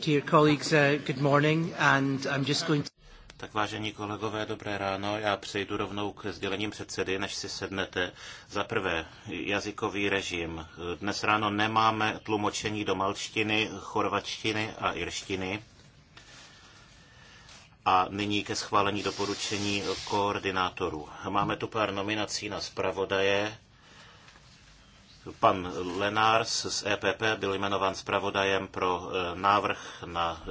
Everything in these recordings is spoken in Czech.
Dear colleagues, uh, good morning, and I'm just going to... Tak vážení kolegové, dobré ráno. Já přejdu rovnou k sdělením předsedy, než si sednete. Za prvé, jazykový režim. Dnes ráno nemáme tlumočení do malštiny, chorvačtiny a irštiny. A nyní ke schválení doporučení koordinátorů. Máme tu pár nominací na zpravodaje Pan Lenars z EPP byl jmenován zpravodajem pro e, návrh na e,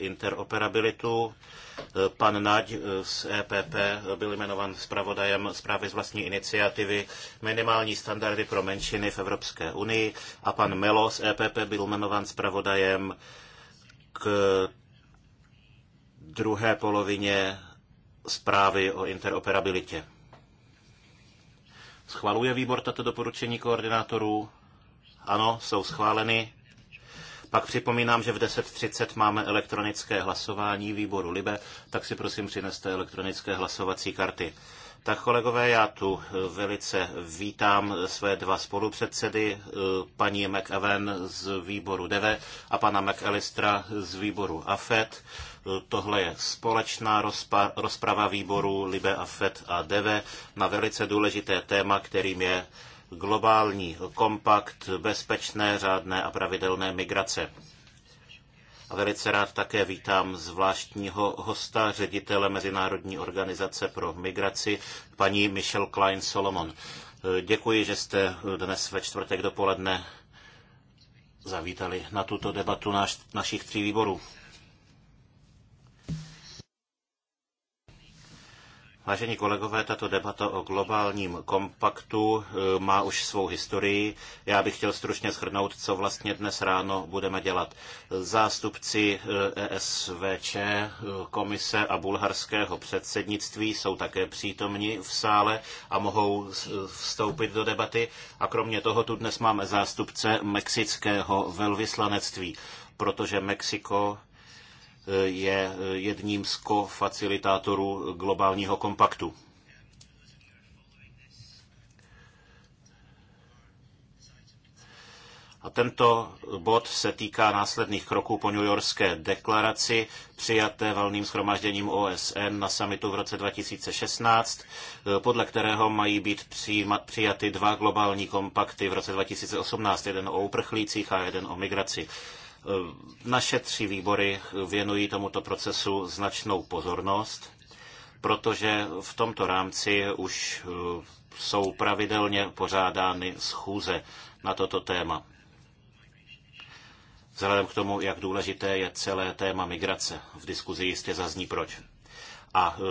interoperabilitu. E, pan Naď z EPP byl jmenován zpravodajem zprávy z vlastní iniciativy minimální standardy pro menšiny v Evropské unii a pan Melo z EPP byl jmenován zpravodajem k druhé polovině zprávy o interoperabilitě. Schvaluje výbor tato doporučení koordinátorů? Ano, jsou schváleny. Pak připomínám, že v 10.30 máme elektronické hlasování výboru Libe, tak si prosím přineste elektronické hlasovací karty. Tak kolegové, já tu eh, velice vítám své dva spolupředsedy, eh, paní McEwen z výboru DEVE a pana McAllistra z výboru AFET. Tohle je společná rozpa, rozprava výborů Libe a FED a DEVE na velice důležité téma, kterým je globální kompakt bezpečné, řádné a pravidelné migrace. A velice rád také vítám zvláštního hosta, ředitele Mezinárodní organizace pro migraci, paní Michelle Klein Solomon. Děkuji, že jste dnes ve čtvrtek dopoledne zavítali na tuto debatu naš, našich tří výborů. Vážení kolegové, tato debata o globálním kompaktu e, má už svou historii. Já bych chtěl stručně shrnout, co vlastně dnes ráno budeme dělat. Zástupci ESVČ, e e, komise a bulharského předsednictví jsou také přítomni v sále a mohou vstoupit do debaty. A kromě toho tu dnes máme zástupce mexického velvyslanectví, protože Mexiko je jedním z kofacilitátorů globálního kompaktu. A tento bod se týká následných kroků po New Yorkské deklaraci, přijaté valným schromážděním OSN na samitu v roce 2016, podle kterého mají být přijaty dva globální kompakty v roce 2018, jeden o uprchlících a jeden o migraci. Eh, naše tři výbory věnují tomuto procesu značnou pozornost, protože v tomto rámci už eh, jsou pravidelně pořádány schůze na toto téma. Vzhledem k tomu, jak důležité je celé téma migrace, v diskuzi jistě zazní proč. A eh,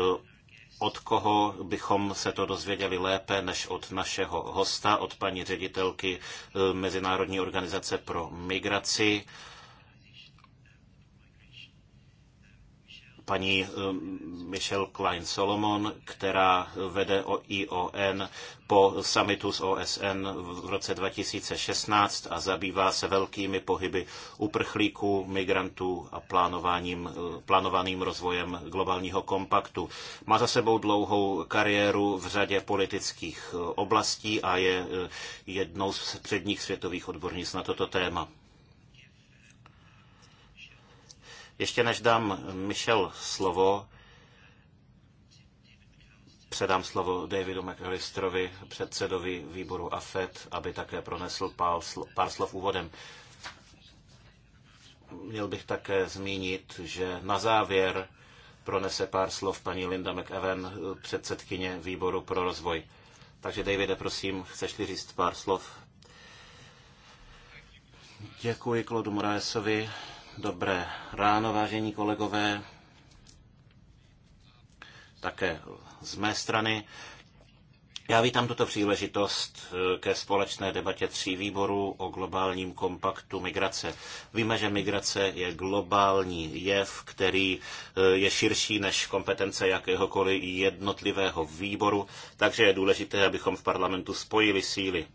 od koho bychom se to dozvěděli lépe než od našeho hosta, od paní ředitelky Mezinárodní organizace pro migraci, paní eh, Michelle Klein Solomon, která vede o ION po summitu s OSN v roce 2016 a zabývá se velkými pohyby uprchlíků, migrantů a plánováním, eh, plánovaným rozvojem globálního kompaktu. Má za sebou dlouhou kariéru v řadě politických eh, oblastí a je jednou z předních světových odbornic na toto téma. Ještě než dám Michel slovo, předám slovo Davidu McAllisterovi, předsedovi výboru AFED, aby také pronesl pár slov úvodem. Měl bych také zmínit, že na závěr pronese pár slov paní Linda McEwen, předsedkyně výboru pro rozvoj. Takže Davide, prosím, chceš-li říct pár slov? Děkuji Klodu Moraesovi Dobré ráno, vážení kolegové. Také z mé strany. Já vítám tuto příležitost eh, ke společné debatě tří výborů o globálním kompaktu migrace. Víme, že migrace je globální jev, který eh, je širší než kompetence jakéhokoliv jednotlivého výboru, takže je důležité, abychom v parlamentu spojili síly.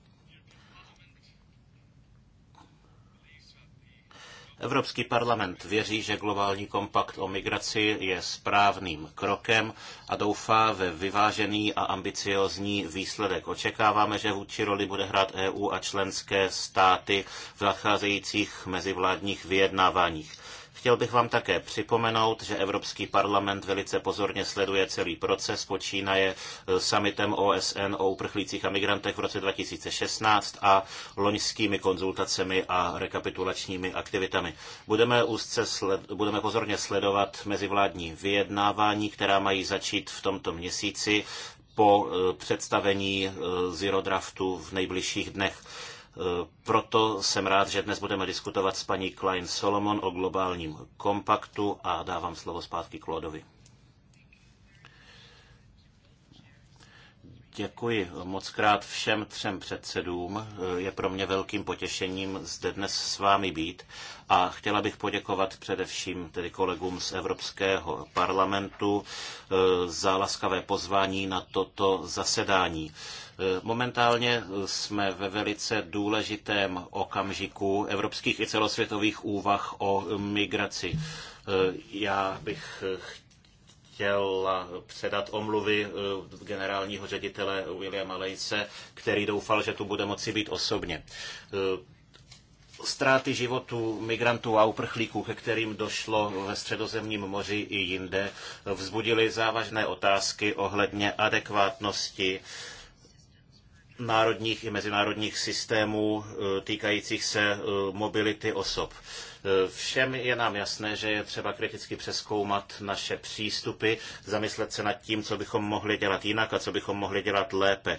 Evropský parlament věří, že globální kompakt o migraci je správným krokem a doufá ve vyvážený a ambiciózní výsledek. Očekáváme, že vůči roli bude hrát EU a členské státy v zacházejících mezivládních vyjednáváních. Chtěl bych vám také připomenout, že Evropský parlament velice pozorně sleduje celý proces, počínaje e, summitem OSN o uprchlících a migrantech v roce 2016 a loňskými konzultacemi a rekapitulačními aktivitami. Budeme, úzce sled, budeme pozorně sledovat mezivládní vyjednávání, která mají začít v tomto měsíci po e, představení e, Zero Draftu v nejbližších dnech. Eh, proto jsem rád, že dnes budeme diskutovat s paní Klein Solomon o globálním kompaktu a dávám slovo zpátky Klodovi. Děkuji moc krát všem třem předsedům. Eh, je pro mě velkým potěšením zde dnes s vámi být a chtěla bych poděkovat především tedy kolegům z Evropského parlamentu eh, za laskavé pozvání na toto zasedání. Momentálně jsme ve velice důležitém okamžiku evropských i celosvětových úvah o migraci. Já bych chtěl předat omluvy eh, generálního ředitele Williama Lejce, který doufal, že tu bude moci být osobně eh, ztráty životů migrantů a uprchlíků, ke kterým došlo ve středozemním moři i jinde, vzbudily závažné otázky ohledně adekvátnosti národních i mezinárodních systémů eh, týkajících se eh, mobility osob. Eh, všem je nám jasné, že je třeba kriticky přeskoumat naše přístupy, zamyslet se nad tím, co bychom mohli dělat jinak a co bychom mohli dělat lépe.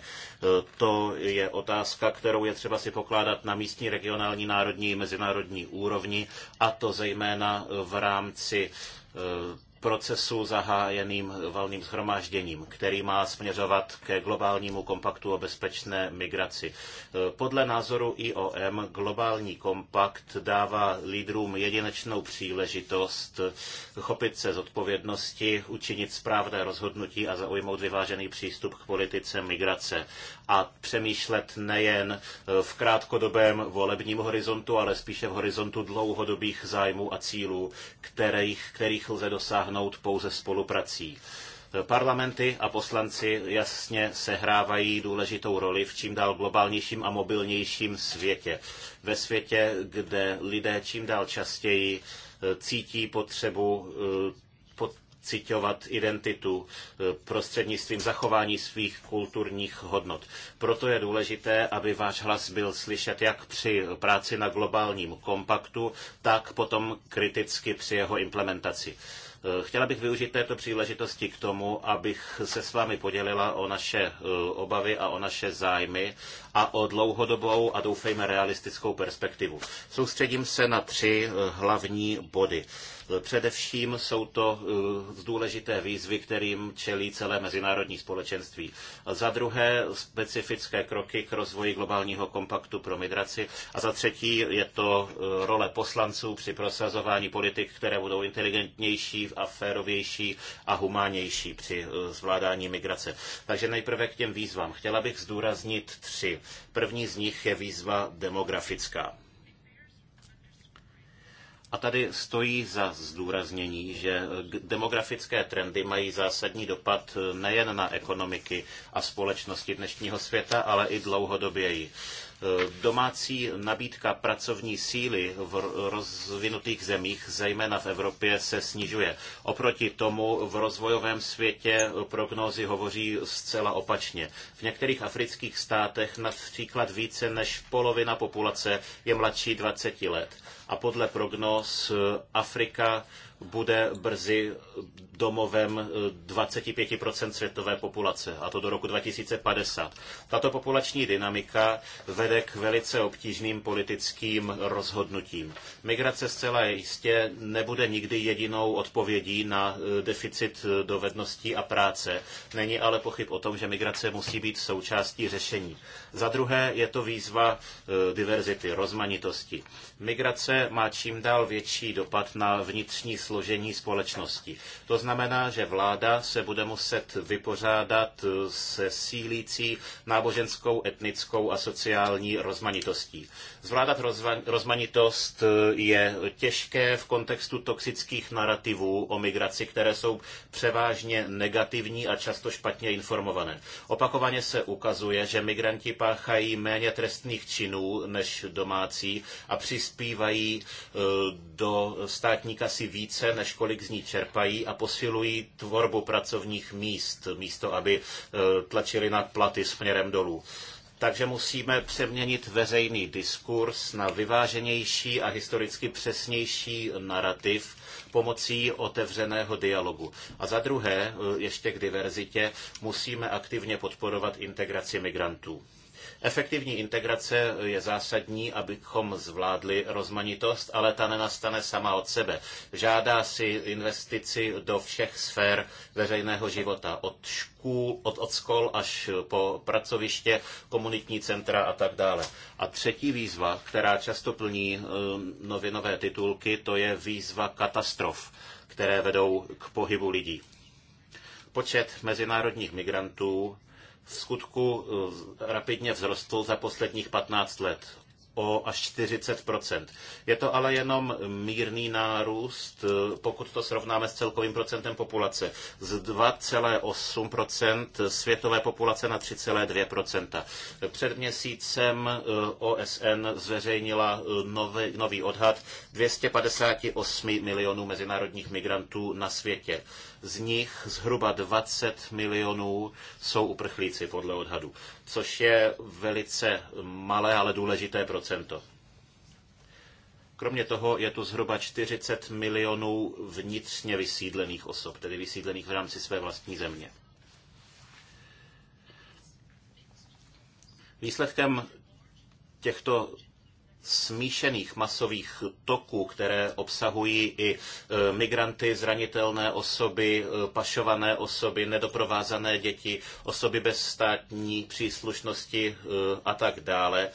To je otázka, kterou je třeba si pokládat na místní, regionální, národní i mezinárodní úrovni, a to zejména v rámci procesu zahájeným valným shromážděním, který má směřovat ke globálnímu kompaktu o bezpečné migraci. Podle názoru IOM globální kompakt dává lídrům jedinečnou příležitost chopit se zodpovědnosti, učinit správné rozhodnutí a zaujmout vyvážený přístup k politice migrace a přemýšlet nejen v krátkodobém volebním horizontu, ale spíše v horizontu dlouhodobých zájmů a cílů, kterých, kterých lze dosáhnout dosáhnout pouze spoluprací. Parlamenty a poslanci jasně sehrávají důležitou roli v čím dál globálnějším a mobilnějším světě. Ve světě, kde lidé čím dál častěji eh, cítí potřebu eh, pocitovat identitu eh, prostřednictvím zachování svých kulturních hodnot. Proto je důležité, aby váš hlas byl slyšet jak při práci na globálním kompaktu, tak potom kriticky při jeho implementaci. Eh, chtěla bych využít této příležitosti k tomu, abych se s vámi podělila o naše eh, obavy a o naše zájmy a o dlouhodobou a doufejme realistickou perspektivu. Soustředím se na tři eh, hlavní body. Především jsou to eh, důležité výzvy, kterým čelí celé mezinárodní společenství. Za druhé specifické kroky k rozvoji globálního kompaktu pro migraci. A za třetí je to eh, role poslanců při prosazování politik, které budou inteligentnější a férovější a humánější při zvládání migrace. Takže nejprve k těm výzvám. Chtěla bych zdůraznit tři. První z nich je výzva demografická. A tady stojí za zdůraznění, že demografické trendy mají zásadní dopad nejen na ekonomiky a společnosti dnešního světa, ale i dlouhodoběji. Domácí nabídka pracovní síly v rozvinutých zemích, zejména v Evropě, se snižuje. Oproti tomu v rozvojovém světě prognózy hovoří zcela opačně. V některých afrických státech například více než polovina populace je mladší 20 let. A podle prognóz Afrika bude brzy domovem 25% eh, světové populace, a to do roku 2050. Tato populační dynamika vede k velice obtížným politickým rozhodnutím. Migrace zcela jistě nebude nikdy jedinou odpovědí na eh, deficit eh, dovedností a práce. Není ale pochyb o tom, že migrace musí být součástí řešení. Za druhé je to výzva diverzity, rozmanitosti. Migrace má čím dál větší dopad na vnitřní služby složení společnosti. To znamená, že vláda se bude muset vypořádat se sílící náboženskou, etnickou a sociální rozmanitostí. Zvládat rozmanitost je těžké v kontextu toxických narrativů o migraci, které jsou převážně negativní a často špatně informované. Opakovaně se ukazuje, že migranti páchají méně trestných činů než domácí a přispívají eh, do státní kasy více více, než kolik z ní čerpají a posilují tvorbu pracovních míst, místo aby e, tlačili na platy směrem dolů. Takže musíme přeměnit veřejný diskurs na vyváženější a historicky přesnější narrativ pomocí otevřeného dialogu. A za druhé, e, ještě k diverzitě, musíme aktivně podporovat integraci migrantů. Efektivní integrace je zásadní, abychom zvládli rozmanitost, ale ta nenastane sama od sebe. Žádá si investici do všech sfér veřejného života, od škůl, od, od škol až po pracoviště, komunitní centra a tak dále. A třetí výzva, která často plní um, novinové titulky, to je výzva katastrof, které vedou k pohybu lidí. Počet mezinárodních migrantů v skutku eh, rapidně vzrostl za posledních 15 let o až 40 Je to ale jenom mírný nárůst, eh, pokud to srovnáme s celkovým procentem populace. Z 2,8 světové populace na 3,2 Před měsícem eh, OSN zveřejnila nový, nový odhad 258 milionů mezinárodních migrantů na světě. Z nich zhruba 20 milionů jsou uprchlíci podle odhadu, což je velice malé, ale důležité procento. Kromě toho je tu zhruba 40 milionů vnitřně vysídlených osob, tedy vysídlených v rámci své vlastní země. Výsledkem těchto smíšených masových toků, které obsahují i e, migranty, zranitelné osoby, e, pašované osoby, nedoprovázané děti, osoby bez státní příslušnosti e, a tak dále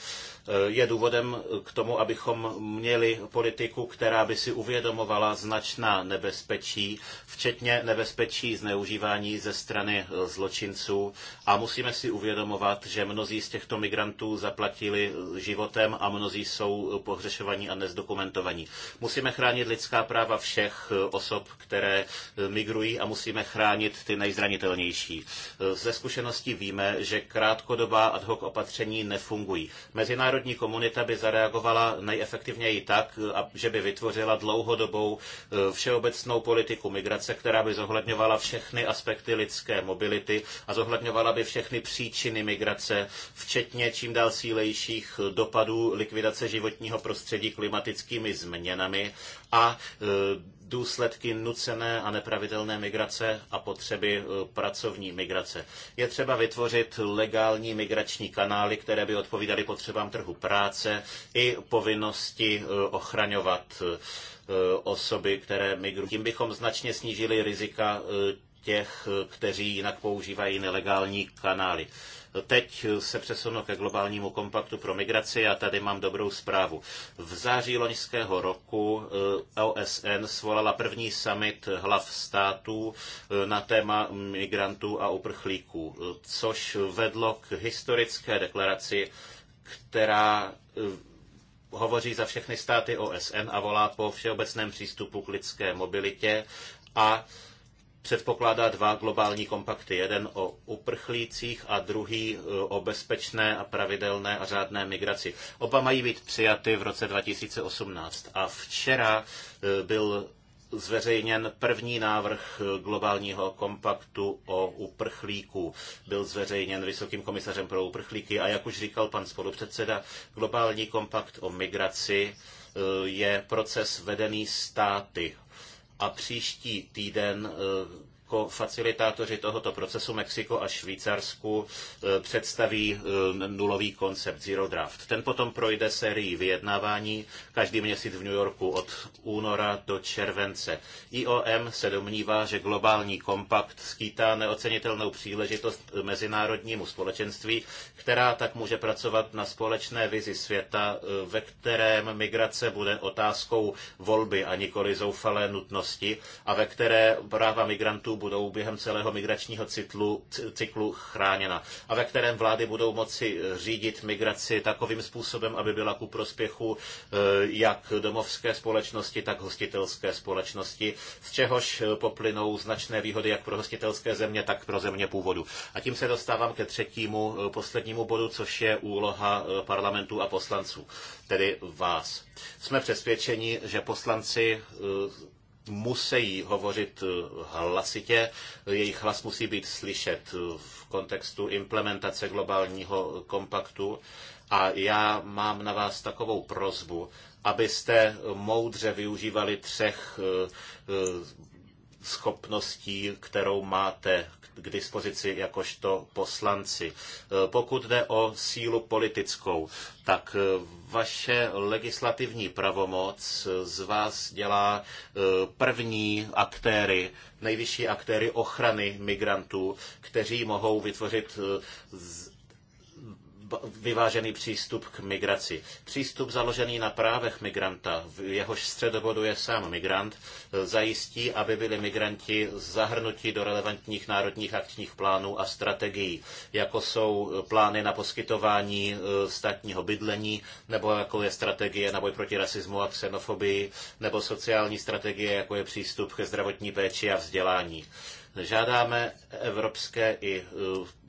je důvodem k tomu, abychom měli politiku, která by si uvědomovala značná nebezpečí, včetně nebezpečí zneužívání ze strany eh, zločinců. A musíme si uvědomovat, že mnozí z těchto migrantů zaplatili eh, životem a mnozí jsou eh, pohřešovaní a nezdokumentovaní. Musíme chránit lidská práva všech osob, které migrují a musíme chránit ty nejzranitelnější. Ze zkušeností víme, že krátkodobá ad hoc opatření nefungují. Mezinárodní mezinárodní komunita by zareagovala nejefektivněji tak, že by vytvořila dlouhodobou e, všeobecnou politiku migrace, která by zohledňovala všechny aspekty lidské mobility a zohledňovala by všechny příčiny migrace, včetně čím dál sílejších dopadů likvidace životního prostředí klimatickými změnami a e, důsledky nucené a nepravidelné migrace a potřeby eh, pracovní migrace. Je třeba vytvořit legální migrační kanály, které by odpovídaly potřebám trhu práce i povinnosti eh, ochraňovat eh, osoby, které migrují. Tím bychom značně snížili rizika těch, kteří jinak používají nelegální kanály. Teď se přesunu ke globálnímu kompaktu pro migraci a tady mám dobrou zprávu. V září loňského roku eh, OSN svolala první summit hlav států eh, na téma migrantů a uprchlíků, eh, což vedlo k historické deklaraci, která hovoří za všechny státy OSN a volá po všeobecném přístupu k lidské mobilitě a předpokládá dva globální kompakty. Jeden o uprchlících a druhý e, o bezpečné a pravidelné a řádné migraci. Oba mají být přijaty v roce 2018. A včera e, byl zveřejněn první návrh e, globálního kompaktu o uprchlíků. Byl zveřejněn vysokým komisařem pro uprchlíky a jak už říkal pan spolupředseda, globální kompakt o migraci je proces vedený státy a příští týden eh, jako facilitátoři tohoto procesu Mexiko a Švýcarsku e, představí e, nulový koncept Zero Draft. Ten potom projde sérií vyjednávání každý měsíc v New Yorku od února do července. IOM se domnívá, že globální kompakt skýtá neocenitelnou příležitost mezinárodnímu společenství, která tak může pracovat na společné vizi světa, e, ve kterém migrace bude otázkou volby a nikoli zoufalé nutnosti a ve které práva migrantů budou během celého migračního cyklu, cyklu chráněna a ve kterém vlády budou moci eh, řídit migraci takovým způsobem, aby byla ku prospěchu eh, jak domovské společnosti, tak hostitelské společnosti, z čehož eh, poplynou značné výhody jak pro hostitelské země, tak pro země původu. A tím se dostávám ke třetímu, poslednímu bodu, což je úloha parlamentu a poslanců, tedy vás. Jsme přesvědčeni, že poslanci musí hovořit eh, hlasitě, jejich hlas musí být slyšet eh, v kontextu implementace globálního kompaktu. A já mám na vás takovou prozbu, abyste moudře využívali třech eh, schopností, kterou máte k dispozici jakožto poslanci. E, pokud jde o sílu politickou, tak e, vaše legislativní pravomoc e, z vás dělá první aktéry, nejvyšší aktéry ochrany migrantů, kteří mohou vytvořit vyvážený přístup k migraci. Přístup založený na právech migranta, v jehož středobodu je sám migrant, e, zajistí, aby byli migranti zahrnuti do relevantních národních akčních plánů a strategií, jako jsou e, plány na poskytování e, státního bydlení, nebo jako je strategie na boj proti rasismu a xenofobii, nebo sociální strategie, jako je přístup ke zdravotní péči a vzdělání. Žádáme evropské, i,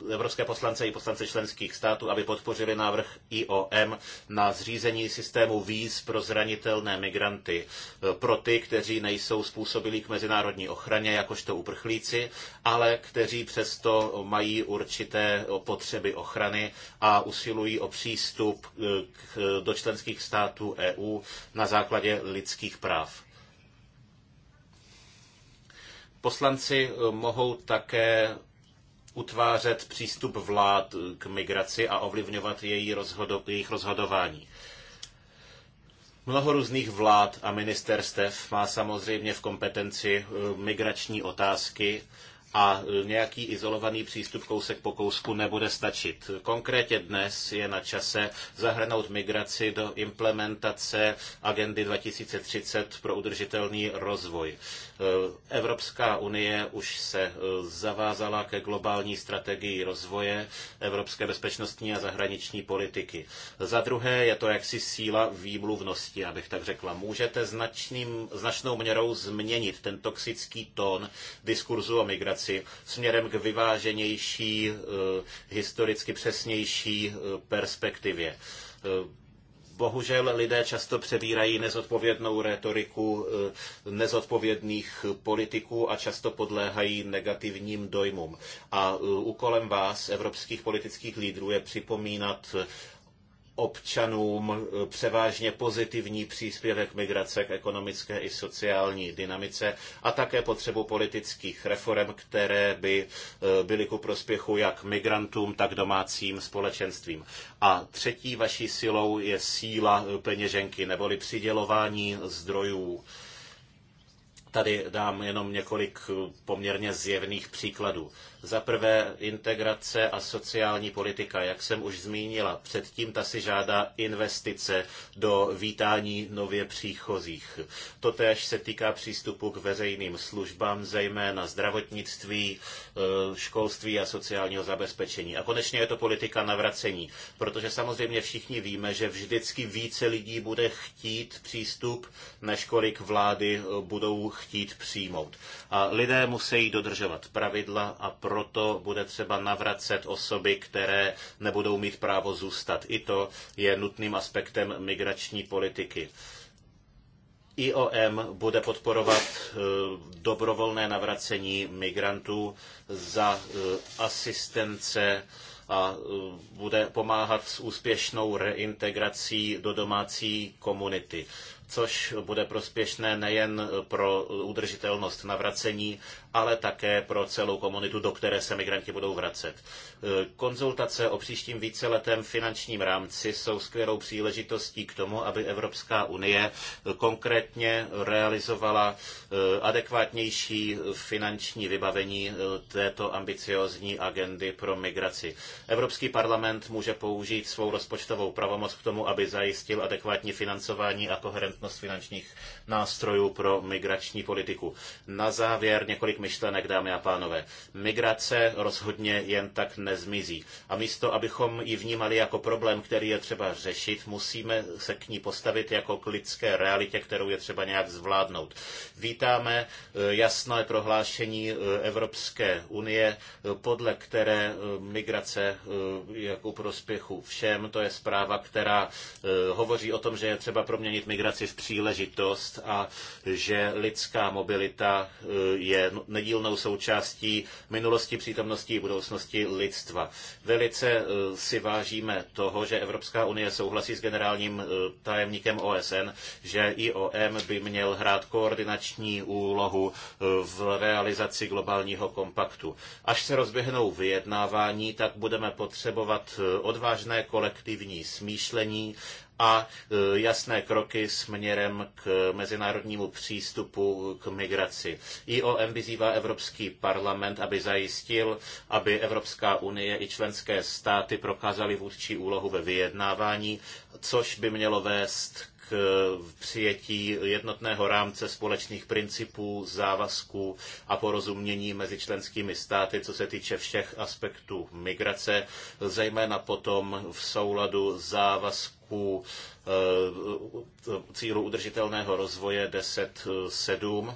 eh, evropské poslance i poslance členských států, aby podpořili návrh IOM na zřízení systému víz pro zranitelné migranty, eh, pro ty, kteří nejsou způsobilí k mezinárodní ochraně, jakožto uprchlíci, ale kteří přesto mají určité potřeby ochrany a usilují o přístup eh, k, do členských států EU na základě lidských práv. Poslanci eh, mohou také utvářet přístup vlád k migraci a ovlivňovat její rozhodo- jejich rozhodování. Mnoho různých vlád a ministerstev má samozřejmě v kompetenci eh, migrační otázky a eh, nějaký izolovaný přístup kousek po kousku nebude stačit. Konkrétně dnes je na čase zahrnout migraci do implementace agendy 2030 pro udržitelný rozvoj. Evropská unie už se eh, zavázala ke globální strategii rozvoje evropské bezpečnostní a zahraniční politiky. Za druhé je to jaksi síla výmluvnosti, abych tak řekla. Můžete značným, značnou měrou změnit ten toxický tón diskurzu o migraci směrem k vyváženější, eh, historicky přesnější eh, perspektivě bohužel lidé často přebírají nezodpovědnou retoriku eh, nezodpovědných politiků a často podléhají negativním dojmům. A eh, úkolem vás, evropských politických lídrů, je připomínat občanům eh, převážně pozitivní příspěvek migrace k ekonomické i sociální dynamice a také potřebu politických reform, které by eh, byly ku prospěchu jak migrantům, tak domácím společenstvím. A třetí vaší silou je síla eh, peněženky neboli přidělování zdrojů. Tady dám jenom několik poměrně zjevných příkladů. Za prvé integrace a sociální politika. Jak jsem už zmínila, předtím ta si žádá investice do vítání nově příchozích. Totéž se týká přístupu k veřejným službám, zejména zdravotnictví, e, školství a sociálního zabezpečení. A konečně je to politika navracení, protože samozřejmě všichni víme, že vždycky více lidí bude chtít přístup, než kolik vlády e, budou chtít přijmout. A lidé musí dodržovat pravidla a proto bude třeba navracet osoby, které nebudou mít právo zůstat. I to je nutným aspektem migrační politiky. IOM bude podporovat e, dobrovolné navracení migrantů za e, asistence a e, bude pomáhat s úspěšnou reintegrací do domácí komunity, což bude prospěšné nejen pro udržitelnost navracení, ale také pro celou komunitu, do které se migranti budou vracet. E, konzultace o příštím víceletém finančním rámci jsou skvělou příležitostí k tomu, aby Evropská unie konkrétně realizovala e, adekvátnější finanční vybavení e, této ambiciózní agendy pro migraci. Evropský parlament může použít svou rozpočtovou pravomoc k tomu, aby zajistil adekvátní financování a koherentnost finančních nástrojů pro migrační politiku. Na závěr několik několik myšlenek, dámy a pánové. Migrace rozhodně jen tak nezmizí. A místo, abychom ji vnímali jako problém, který je třeba řešit, musíme se k ní postavit jako k lidské realitě, kterou je třeba nějak zvládnout. Vítáme e, jasné prohlášení e, Evropské unie, e, podle které migrace je ku prospěchu všem. To je zpráva, která hovoří o tom, že je třeba proměnit migraci v příležitost a že lidská mobilita je nedílnou součástí minulosti, přítomnosti i budoucnosti lidstva. Velice eh, si vážíme toho, že Evropská unie souhlasí s generálním eh, tajemníkem OSN, že IOM by měl hrát koordinační úlohu eh, v realizaci globálního kompaktu. Až se rozběhnou vyjednávání, tak budeme potřebovat odvážné kolektivní smýšlení a e, jasné kroky směrem k mezinárodnímu přístupu k migraci. IOM vyzývá Evropský parlament, aby zajistil, aby Evropská unie i členské státy prokázaly vůdčí úlohu ve vyjednávání, což by mělo vést v přijetí jednotného rámce společných principů, závazků a porozumění mezi členskými státy, co se týče všech aspektů migrace, zejména potom v souladu závazků eh, cílu udržitelného rozvoje 10.7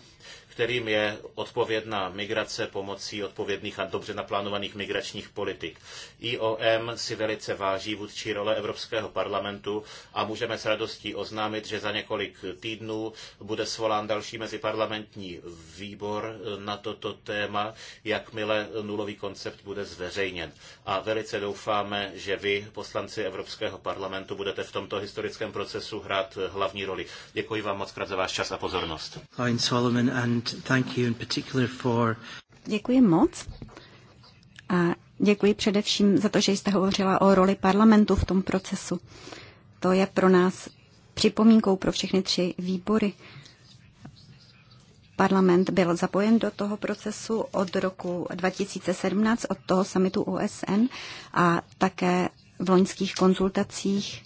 kterým je odpovědná migrace pomocí odpovědných a dobře naplánovaných migračních politik. IOM si velice váží vůdčí role Evropského parlamentu a můžeme s radostí oznámit, že za několik týdnů bude svolán další meziparlamentní výbor na toto téma, jakmile nulový koncept bude zveřejněn. A velice doufáme, že vy, poslanci Evropského parlamentu, budete v tomto historickém procesu hrát hlavní roli. Děkuji vám moc krát za váš čas a pozornost. Heinz Solomon and Děkuji moc. A děkuji především za to, že jste hovořila o roli parlamentu v tom procesu. To je pro nás připomínkou pro všechny tři výbory. Parlament byl zapojen do toho procesu od roku 2017, od toho samitu OSN a také v loňských konzultacích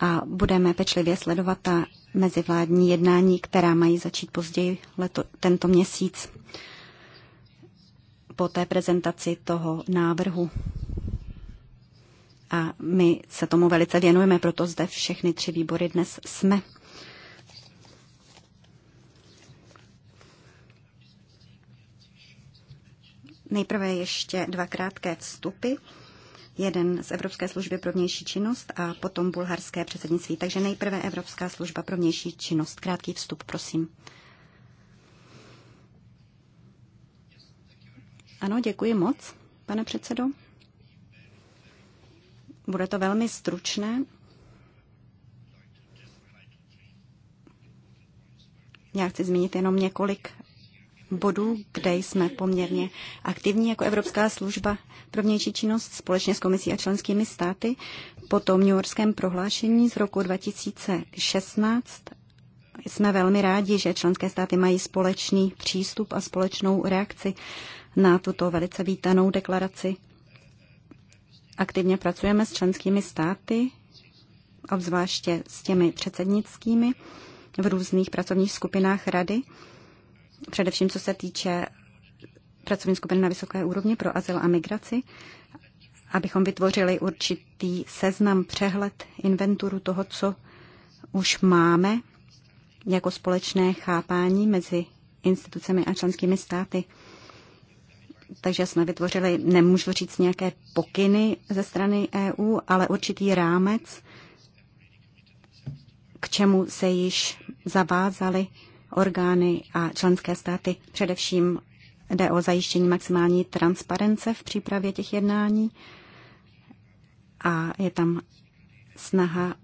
a budeme pečlivě sledovat ta mezivládní jednání, která mají začít později leto, tento měsíc po té prezentaci toho návrhu. A my se tomu velice věnujeme, proto zde všechny tři výbory dnes jsme. Nejprve ještě dva krátké vstupy jeden z Evropské služby pro vnější činnost a potom bulharské předsednictví. Takže nejprve Evropská služba pro vnější činnost. Krátký vstup, prosím. Ano, děkuji moc, pane předsedo. Bude to velmi stručné. Já chci zmínit jenom několik bodů, kde jsme poměrně aktivní jako Evropská služba pro vnější činnost společně s komisí a členskými státy po tom New Yorkském prohlášení z roku 2016 jsme velmi rádi, že členské státy mají společný přístup a společnou reakci na tuto velice vítanou deklaraci. Aktivně pracujeme s členskými státy, obzvláště s těmi předsednickými, v různých pracovních skupinách rady především co se týče pracovní skupiny na vysoké úrovni pro azyl a migraci, abychom vytvořili určitý seznam, přehled, inventuru toho, co už máme jako společné chápání mezi institucemi a členskými státy. Takže jsme vytvořili, nemůžu říct nějaké pokyny ze strany EU, ale určitý rámec, k čemu se již zavázali orgány a členské státy. Především jde o zajištění maximální transparence v přípravě těch jednání a je tam snaha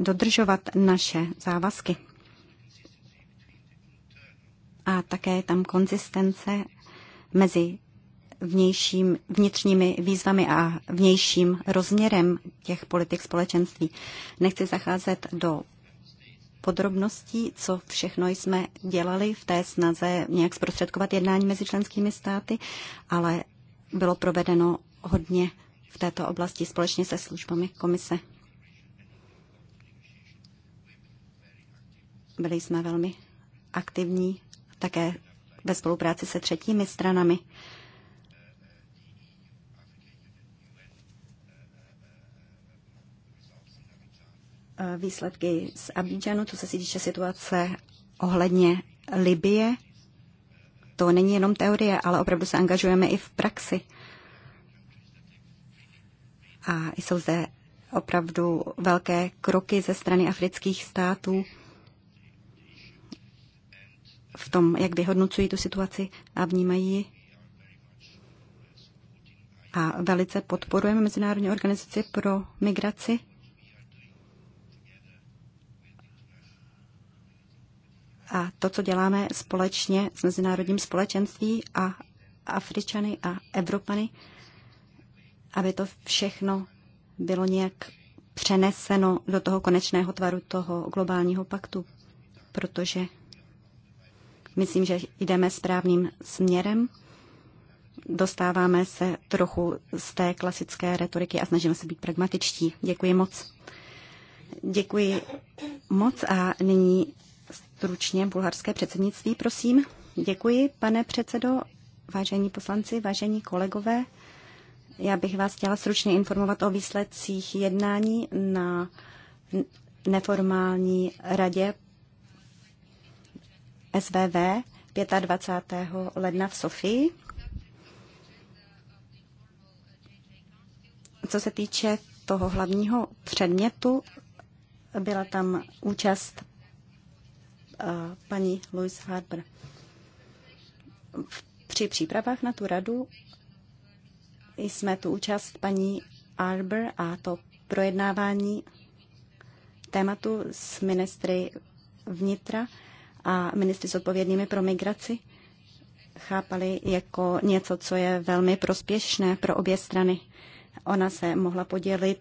dodržovat naše závazky. A také je tam konzistence mezi vnějším, vnitřními výzvami a vnějším rozměrem těch politik společenství. Nechci zacházet do podrobností, co všechno jsme dělali v té snaze nějak zprostředkovat jednání mezi členskými státy, ale bylo provedeno hodně v této oblasti společně se službami komise. Byli jsme velmi aktivní také ve spolupráci se třetími stranami. Eh, výsledky z Abidžanu, to se týče situace ohledně Libie. To není jenom teorie, ale opravdu se angažujeme i v praxi. A jsou zde opravdu velké kroky ze strany afrických států v tom, jak vyhodnocují tu situaci a vnímají ji. A velice podporujeme Mezinárodní organizaci pro migraci a to, co děláme společně s mezinárodním společenství a Afričany a Evropany, aby to všechno bylo nějak přeneseno do toho konečného tvaru toho globálního paktu, protože myslím, že jdeme správným směrem. Dostáváme se trochu z té klasické retoriky a snažíme se být pragmatičtí. Děkuji moc. Děkuji moc a nyní stručně bulharské předsednictví, prosím. Děkuji, pane předsedo, vážení poslanci, vážení kolegové. Já bych vás chtěla stručně informovat o výsledcích jednání na neformální radě SVV 25. ledna v Sofii. Co se týče toho hlavního předmětu, byla tam účast paní Louise Harper. Při přípravách na tu radu jsme tu účast paní Arbor a to projednávání tématu s ministry vnitra a ministry odpovědnými pro migraci chápali jako něco, co je velmi prospěšné pro obě strany. Ona se mohla podělit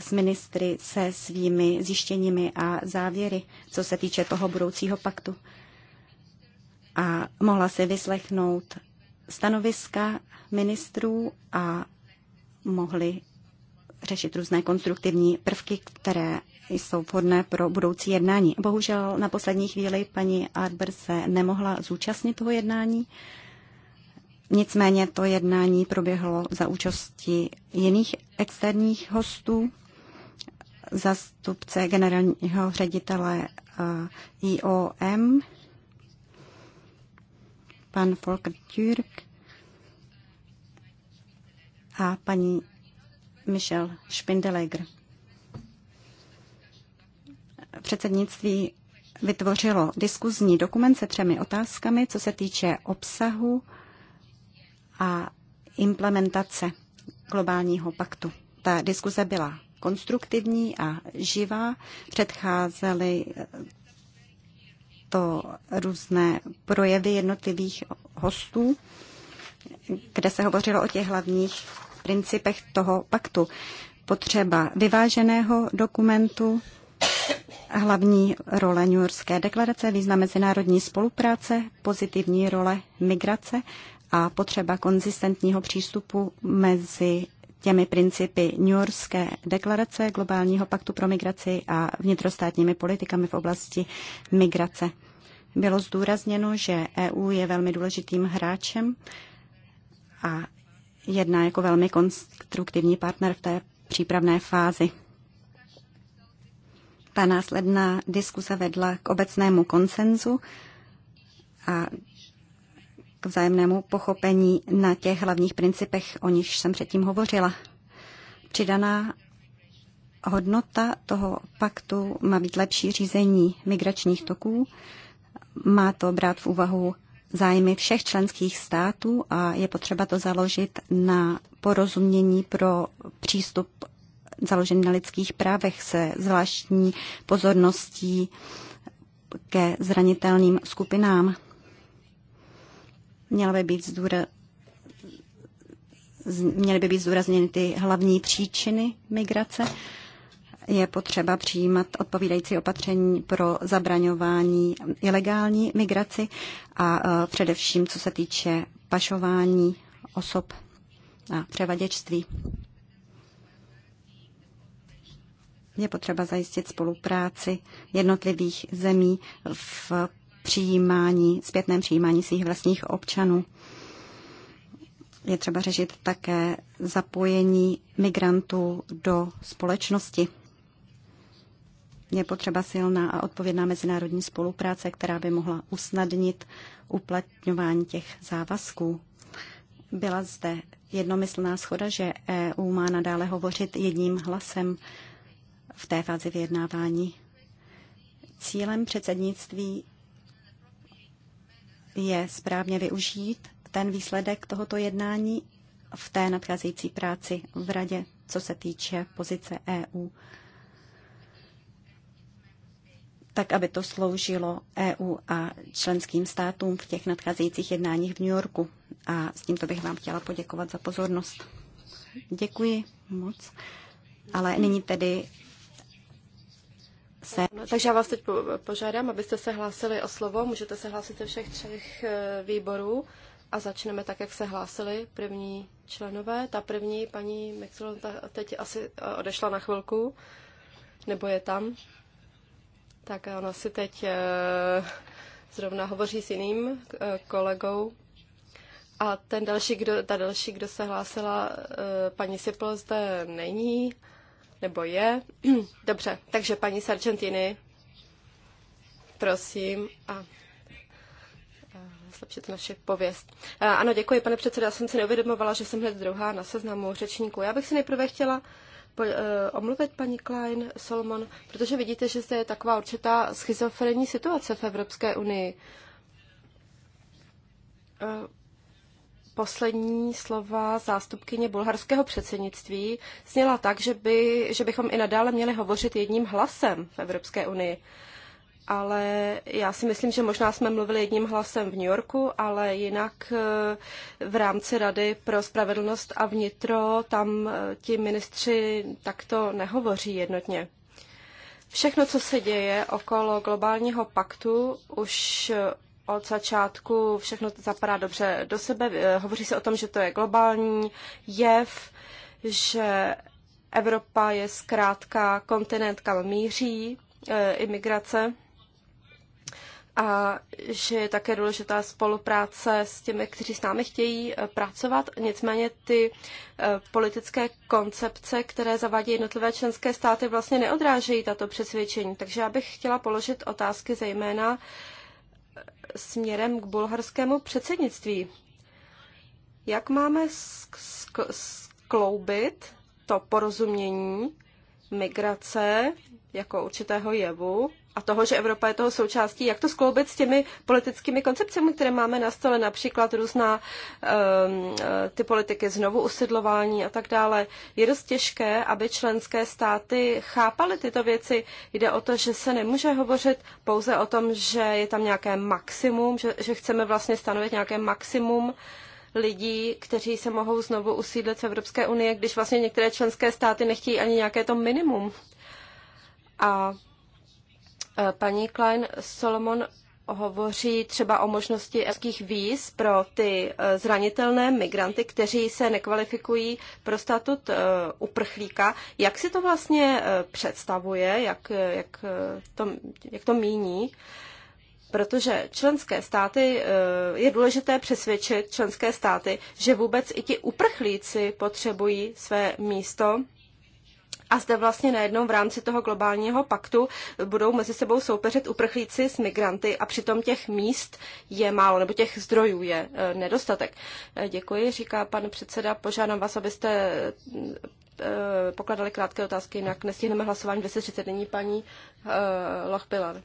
s ministry se svými zjištěními a závěry, co se týče toho budoucího paktu. A mohla si vyslechnout stanoviska ministrů a mohli řešit různé konstruktivní prvky, které jsou vhodné pro budoucí jednání. Bohužel na poslední chvíli paní Arber se nemohla zúčastnit toho jednání. Nicméně to jednání proběhlo za účasti jiných externích hostů zastupce generálního ředitele eh, IOM, pan Volker Türk a paní Michelle Spindelegger. Předsednictví vytvořilo diskuzní dokument se třemi otázkami, co se týče obsahu a implementace globálního paktu. Ta diskuze byla konstruktivní a živá. Předcházely to různé projevy jednotlivých hostů, kde se hovořilo o těch hlavních principech toho paktu. Potřeba vyváženého dokumentu, hlavní role New Yorkské deklarace, význam mezinárodní spolupráce, pozitivní role migrace a potřeba konzistentního přístupu mezi těmi principy New Yorkské deklarace, globálního paktu pro migraci a vnitrostátními politikami v oblasti migrace. Bylo zdůrazněno, že EU je velmi důležitým hráčem a jedná jako velmi konstruktivní partner v té přípravné fázi. Ta následná diskuse vedla k obecnému konsenzu a k vzájemnému pochopení na těch hlavních principech, o nich jsem předtím hovořila. Přidaná hodnota toho paktu má být lepší řízení migračních toků, má to brát v úvahu zájmy všech členských států a je potřeba to založit na porozumění pro přístup založený na lidských právech se zvláštní pozorností ke zranitelným skupinám. Měla by být zdůra... Měly by být zdůrazněny ty hlavní příčiny migrace. Je potřeba přijímat odpovídající opatření pro zabraňování ilegální migraci a e, především co se týče pašování osob a převaděčství. Je potřeba zajistit spolupráci jednotlivých zemí v přijímání, zpětném přijímání svých vlastních občanů. Je třeba řešit také zapojení migrantů do společnosti. Je potřeba silná a odpovědná mezinárodní spolupráce, která by mohla usnadnit uplatňování těch závazků. Byla zde jednomyslná schoda, že EU má nadále hovořit jedním hlasem v té fázi vyjednávání. Cílem předsednictví je správně využít ten výsledek tohoto jednání v té nadcházející práci v Radě, co se týče pozice EU, tak aby to sloužilo EU a členským státům v těch nadcházejících jednáních v New Yorku. A s tímto bych vám chtěla poděkovat za pozornost. Děkuji moc. Ale nyní tedy se... No, takže já vás teď požádám, abyste se hlásili o slovo. Můžete se hlásit ze všech třech eh, výborů a začneme tak, jak se hlásili první členové. Ta první, paní Mexilon, teď asi eh, odešla na chvilku, nebo je tam. Tak ona si teď eh, zrovna hovoří s jiným kolegou. A ten další, kdo, ta další, kdo se hlásila, paní Sipl zde není nebo je. Dobře, takže paní Sargentini, prosím a zlepšit naši pověst. Ano, děkuji, pane předsedo, já jsem si neuvědomovala, že jsem hned druhá na seznamu řečníků. Já bych si nejprve chtěla e, omluvit paní Klein, Solomon, protože vidíte, že zde je taková určitá schizofrenní situace v Evropské unii. E, poslední slova zástupkyně bulharského předsednictví zněla tak, že, by, že bychom i nadále měli hovořit jedním hlasem v Evropské unii. Ale já si myslím, že možná jsme mluvili jedním hlasem v New Yorku, ale jinak eh, v rámci Rady pro spravedlnost a vnitro tam eh, ti ministři takto nehovoří jednotně. Všechno, co se děje okolo globálního paktu, už eh, od začátku všechno zapadá dobře do sebe. Eh, hovoří se o tom, že to je globální jev, že Evropa je zkrátka kontinent, kam míří e, imigrace a že je také důležitá spolupráce s těmi, kteří s námi chtějí eh, pracovat. Nicméně ty politické koncepce, které zavádějí jednotlivé členské státy, vlastně neodrážejí tato přesvědčení. Takže já bych chtěla položit otázky zejména směrem k bulharskému předsednictví. Jak máme skloubit to porozumění migrace jako určitého jevu a toho, že Evropa je toho součástí, jak to skloubit s těmi politickými koncepcemi, které máme na stole, například různá um, ty politiky znovu usidlování a tak dále. Je dost těžké, aby členské státy chápaly tyto věci. Jde o to, že se nemůže hovořit pouze o tom, že je tam nějaké maximum, že, že chceme vlastně stanovit nějaké maximum lidí, kteří se mohou znovu usídlit v Evropské unie, když vlastně některé členské státy nechtějí ani nějaké to minimum. A Eh, paní Klein Solomon hovoří třeba o možnosti evropských víz pro ty eh, zranitelné migranty, kteří se nekvalifikují pro statut eh, uprchlíka. Jak si to vlastně představuje, jak, jak, to, jak to míní? protože členské státy, je důležité přesvědčit členské státy, že vůbec i ti uprchlíci potřebují své místo a zde vlastně najednou v rámci toho globálního paktu budou mezi sebou soupeřit uprchlíci s migranty a přitom těch míst je málo, nebo těch zdrojů je e, nedostatek. E, děkuji, říká pan předseda. Požádám vás, abyste e, pokladali krátké otázky, jinak nestihneme hlasování 230. Není paní Lochpilar.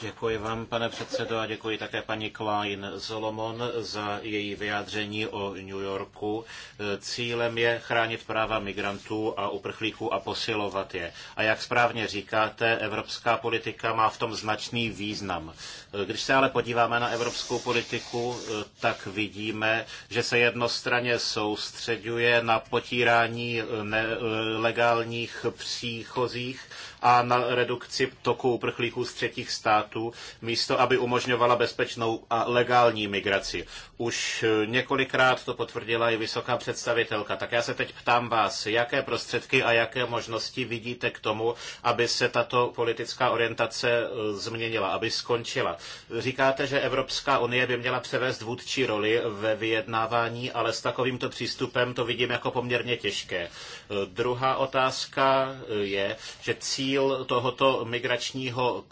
Děkuji vám, pane předsedo, a děkuji také paní Klein Zolomon za její vyjádření o New Yorku. Cílem je chránit práva migrantů a uprchlíků a posilovat je. A jak správně říkáte, evropská politika má v tom značný význam. Když se ale podíváme na evropskou politiku, tak vidíme, že se jednostranně soustředuje na potírání nelegálních příchozích a na redukci toku uprchlíků z třetích států, místo aby umožňovala bezpečnou a legální migraci. Už eh, několikrát to potvrdila i vysoká představitelka. Tak já se teď ptám vás, jaké prostředky a jaké možnosti vidíte k tomu, aby se tato politická orientace eh, změnila, aby skončila. Říkáte, že Evropská unie by měla převést vůdčí roli ve vyjednávání, ale s takovýmto přístupem to vidím jako poměrně těžké. Eh, druhá otázka je, že cíl cíl tohoto migračního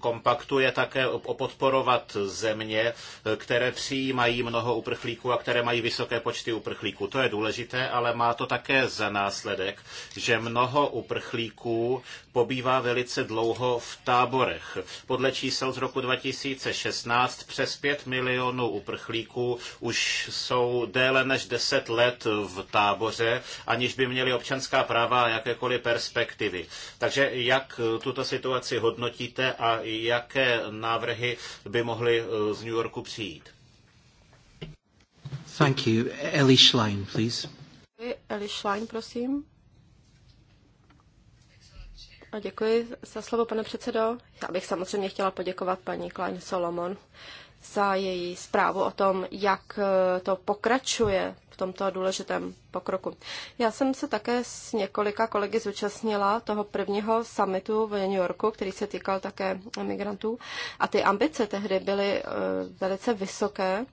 kompaktu je také podporovat země, které přijímají mnoho uprchlíků a které mají vysoké počty uprchlíků. To je důležité, ale má to také za následek, že mnoho uprchlíků pobývá velice dlouho v táborech. Podle čísel z roku 2016 přes 5 milionů uprchlíků už jsou déle než 10 let v táboře, aniž by měli občanská práva a jakékoliv perspektivy. Takže jak eh, tuto situaci hodnotíte a jaké návrhy by mohly eh, z New Yorku přijít. Thank you. Ellie Schlein, please. Ellie Schlein, prosím. A děkuji za slovo, pane předsedo. Já bych samozřejmě chtěla poděkovat paní Klein Solomon za její zprávu o tom, jak eh, to pokračuje tomto důležitém pokroku. Já jsem se také s několika kolegy zúčastnila toho prvního summitu v New Yorku, který se týkal také migrantů. A ty ambice tehdy byly eh, velice vysoké.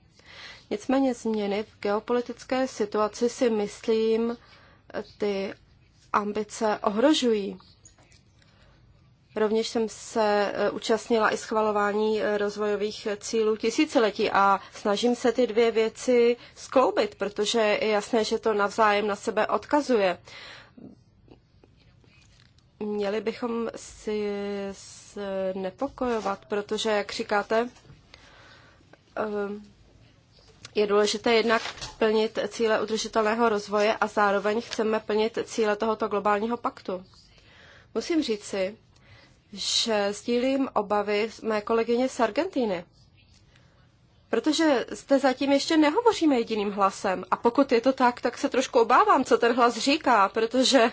Nicméně změny v geopolitické situaci si myslím, ty ambice ohrožují. Rovněž jsem se e, účastnila i schvalování e, rozvojových cílů tisíciletí a snažím se ty dvě věci skloubit, protože je jasné, že to navzájem na sebe odkazuje. Měli bychom si nepokojovat, protože, jak říkáte, e, je důležité jednak plnit cíle udržitelného rozvoje a zároveň chceme plnit cíle tohoto globálního paktu. Musím říci, že sdílím obavy mé kolegyně z Argentíny. Protože zde zatím ještě nehovoříme jediným hlasem. A pokud je to tak, tak se trošku obávám, co ten hlas říká, protože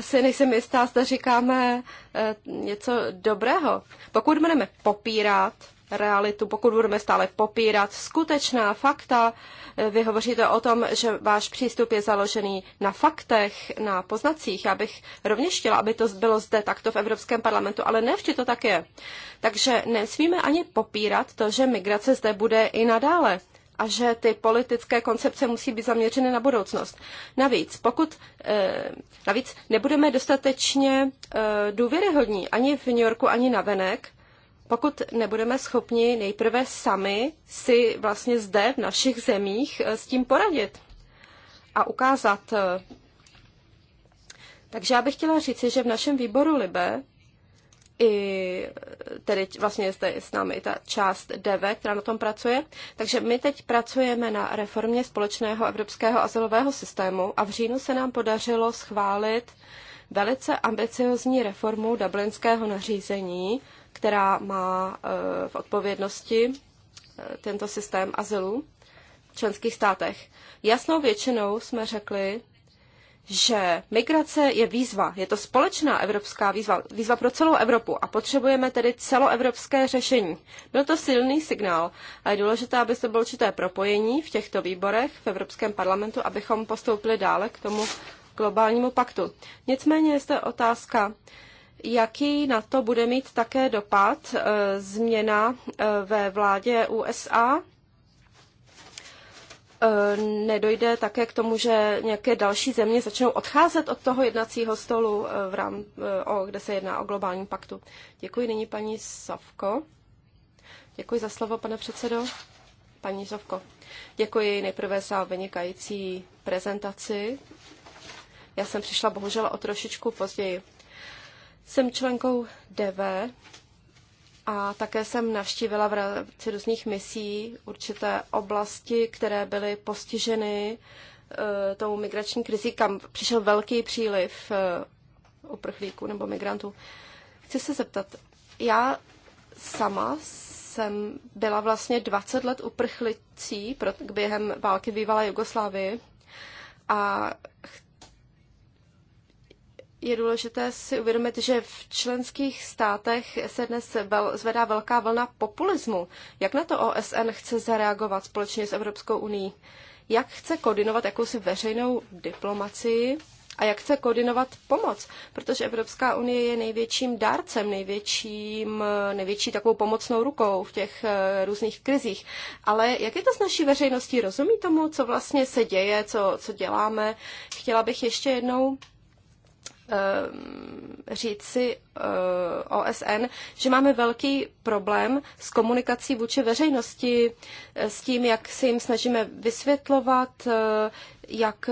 si nejsem jistá, zda říkáme eh, něco dobrého. Pokud budeme popírat realitu, pokud budeme stále popírat skutečná fakta. Eh, vy hovoříte o tom, že váš přístup je založený na faktech, na poznacích. Já bych rovněž chtěla, aby to bylo zde takto v Evropském parlamentu, ale ne vždy to tak je. Takže nesmíme ani popírat to, že migrace zde bude i nadále a že ty politické koncepce musí být zaměřeny na budoucnost. Navíc, pokud eh, navíc nebudeme dostatečně eh, důvěryhodní ani v New Yorku, ani na venek, pokud nebudeme schopni nejprve sami si vlastně zde v našich zemích eh, s tím poradit a ukázat. Eh, Takže já bych chtěla říci, že v našem výboru Libe i eh, tedy vlastně zde s námi i ta část DV, která na tom pracuje. Takže my teď pracujeme na reformě společného evropského azylového systému a v říjnu se nám podařilo schválit velice ambiciozní reformu dublinského nařízení, která má eh, v odpovědnosti eh, tento systém azylu v členských státech. Jasnou většinou jsme řekli, že migrace je výzva, je to společná evropská výzva, výzva pro celou Evropu a potřebujeme tedy celoevropské řešení. Byl to silný signál a je důležité, aby se bylo určité propojení v těchto výborech v Evropském parlamentu, abychom postoupili dále k tomu globálnímu paktu. Nicméně je zde otázka, jaký na to bude mít také dopad e, změna e, ve vládě USA. E, nedojde také k tomu, že nějaké další země začnou odcházet od toho jednacího stolu, v rám, o, kde se jedná o globální paktu. Děkuji nyní paní Sovko. Děkuji za slovo, pane předsedo. Paní Sovko. děkuji nejprve za vynikající prezentaci. Já jsem přišla bohužel o trošičku později. Jsem členkou DV a také jsem navštívila v rámci různých misí určité oblasti, které byly postiženy eh, tou migrační krizi, kam přišel velký příliv eh, uprchlíků nebo migrantů. Chci se zeptat, já sama jsem byla vlastně 20 let uprchlicí během války bývalé Jugoslávy a je důležité si uvědomit, že v členských státech se dnes zvedá velká vlna populismu. Jak na to OSN chce zareagovat společně s Evropskou unii? Jak chce koordinovat jakousi veřejnou diplomacii a jak chce koordinovat pomoc? Protože Evropská unie je největším dárcem, největším, největší takovou pomocnou rukou v těch eh, různých krizích. Ale jak je to s naší veřejností? Rozumí tomu, co vlastně se děje, co, co děláme? Chtěla bych ještě jednou Eh, říci eh, OSN, že máme velký problém s komunikací vůči veřejnosti, eh, s tím, jak se jim snažíme vysvětlovat, jak,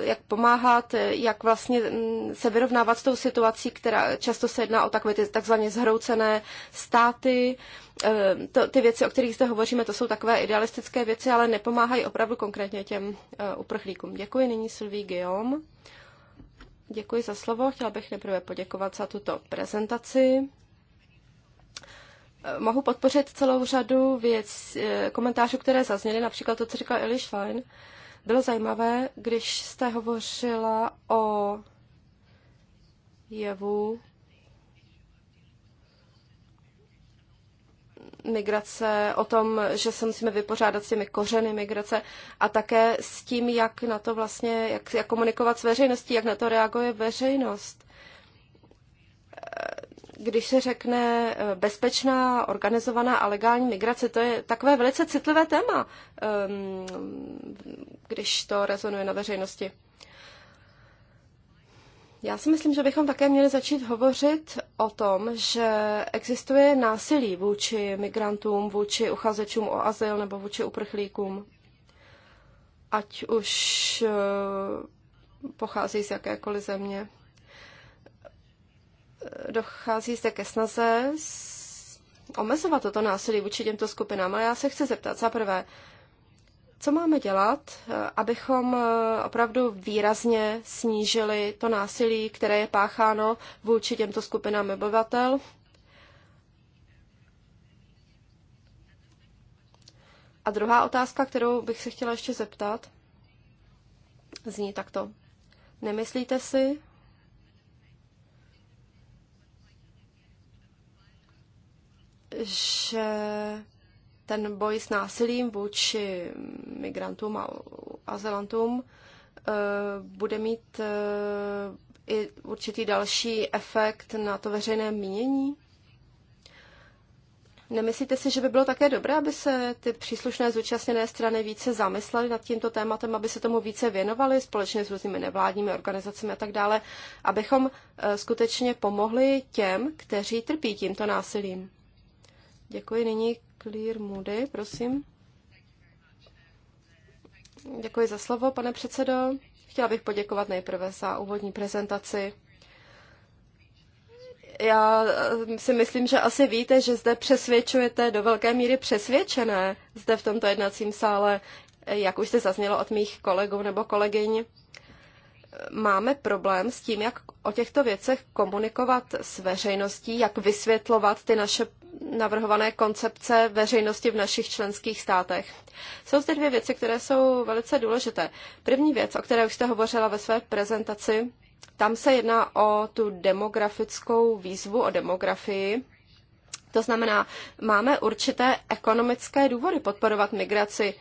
jak pomáhat, jak vlastně mm, se vyrovnávat s tou situací, která často se jedná o takové ty takzvaně zhroucené státy. To, ty věci, o kterých zde hovoříme, to jsou takové idealistické věci, ale nepomáhají opravdu konkrétně těm uprchlíkům. Děkuji, nyní Sylvie Guillaume. Děkuji za slovo. Chtěla bych nejprve poděkovat za tuto prezentaci. Mohu podpořit celou řadu věc, eh, komentářů, které zazněly, například to, co říkal Eli Schlein. Bylo zajímavé, když jste hovořila o jevu migrace, o tom, že se musíme vypořádat s těmi kořeny migrace a také s tím, jak na to vlastně, jak, jak komunikovat s veřejností, jak na to reaguje veřejnost. Když se řekne eh, bezpečná, organizovaná a legální migrace, to je takové velice citlivé téma, ehm, když to rezonuje na veřejnosti. Já si myslím, že bychom také měli začít hovořit o tom, že existuje násilí vůči migrantům, vůči uchazečům o azyl nebo vůči uprchlíkům. Ať už eh, pochází z jakékoliv země. Dochází zde ke snaze omezovat toto násilí vůči těmto skupinám, ale já se chci zeptat za prvé, co máme dělat, eh, abychom eh, opravdu výrazně snížili to násilí, které je pácháno vůči těmto skupinám obyvatel? A druhá otázka, kterou bych se chtěla ještě zeptat, zní takto. Nemyslíte si, že ten boj s násilím vůči migrantům a azylantům eh, bude mít eh, i určitý další efekt na to veřejné mínění? Nemyslíte si, že by bylo také dobré, aby se ty příslušné zúčastněné strany více zamyslely nad tímto tématem, aby se tomu více věnovaly společně s různými nevládními organizacemi a tak dále, abychom eh, skutečně pomohli těm, kteří trpí tímto násilím? Děkuji nyní Clear Moody, prosím. Děkuji za slovo, pane předsedo. Chtěla bych poděkovat nejprve za úvodní prezentaci. Já eh, si myslím, že asi víte, že zde přesvědčujete do velké míry přesvědčené zde v tomto jednacím sále, eh, jak už jste zaznělo od mých kolegů nebo kolegyň. Máme problém s tím, jak o těchto věcech komunikovat s veřejností, jak vysvětlovat ty naše navrhované koncepce veřejnosti v našich členských státech. Jsou zde dvě věci, které jsou velice důležité. První věc, o které už jste hovořila ve své prezentaci, tam se jedná o tu demografickou výzvu, o demografii. To znamená, máme určité ekonomické důvody podporovat migraci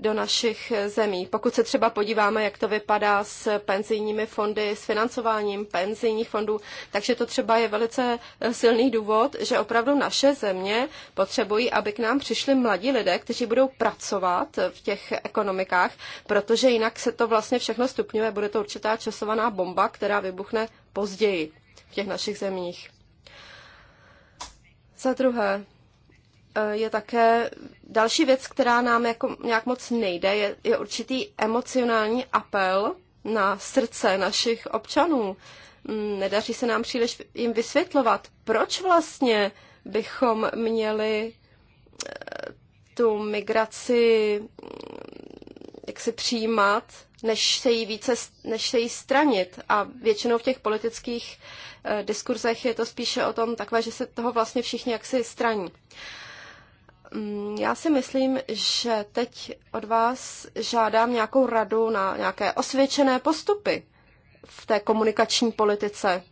do našich zemí. Pokud se třeba podíváme, jak to vypadá s penzijními fondy, s financováním penzijních fondů, takže to třeba je velice eh, silný důvod, že opravdu naše země potřebují, aby k nám přišli mladí lidé, kteří budou pracovat eh, v těch ekonomikách, protože jinak se to vlastně všechno stupňuje, bude to určitá časovaná bomba, která vybuchne později v těch našich zemích. Za druhé, Eh, je také další věc, která nám jako nějak moc nejde, je, je určitý emocionální apel na srdce našich občanů. Mm, nedaří se nám příliš jim vysvětlovat, proč vlastně bychom měli eh, tu migraci mm, jak si přijímat, než se jí více, než se jí stranit. A většinou v těch politických eh, diskurzech je to spíše o tom takové, že se toho vlastně všichni jaksi straní. Uh, Mm, já si myslím, že teď od vás žádám nějakou radu na nějaké osvědčené postupy v té komunikační politice.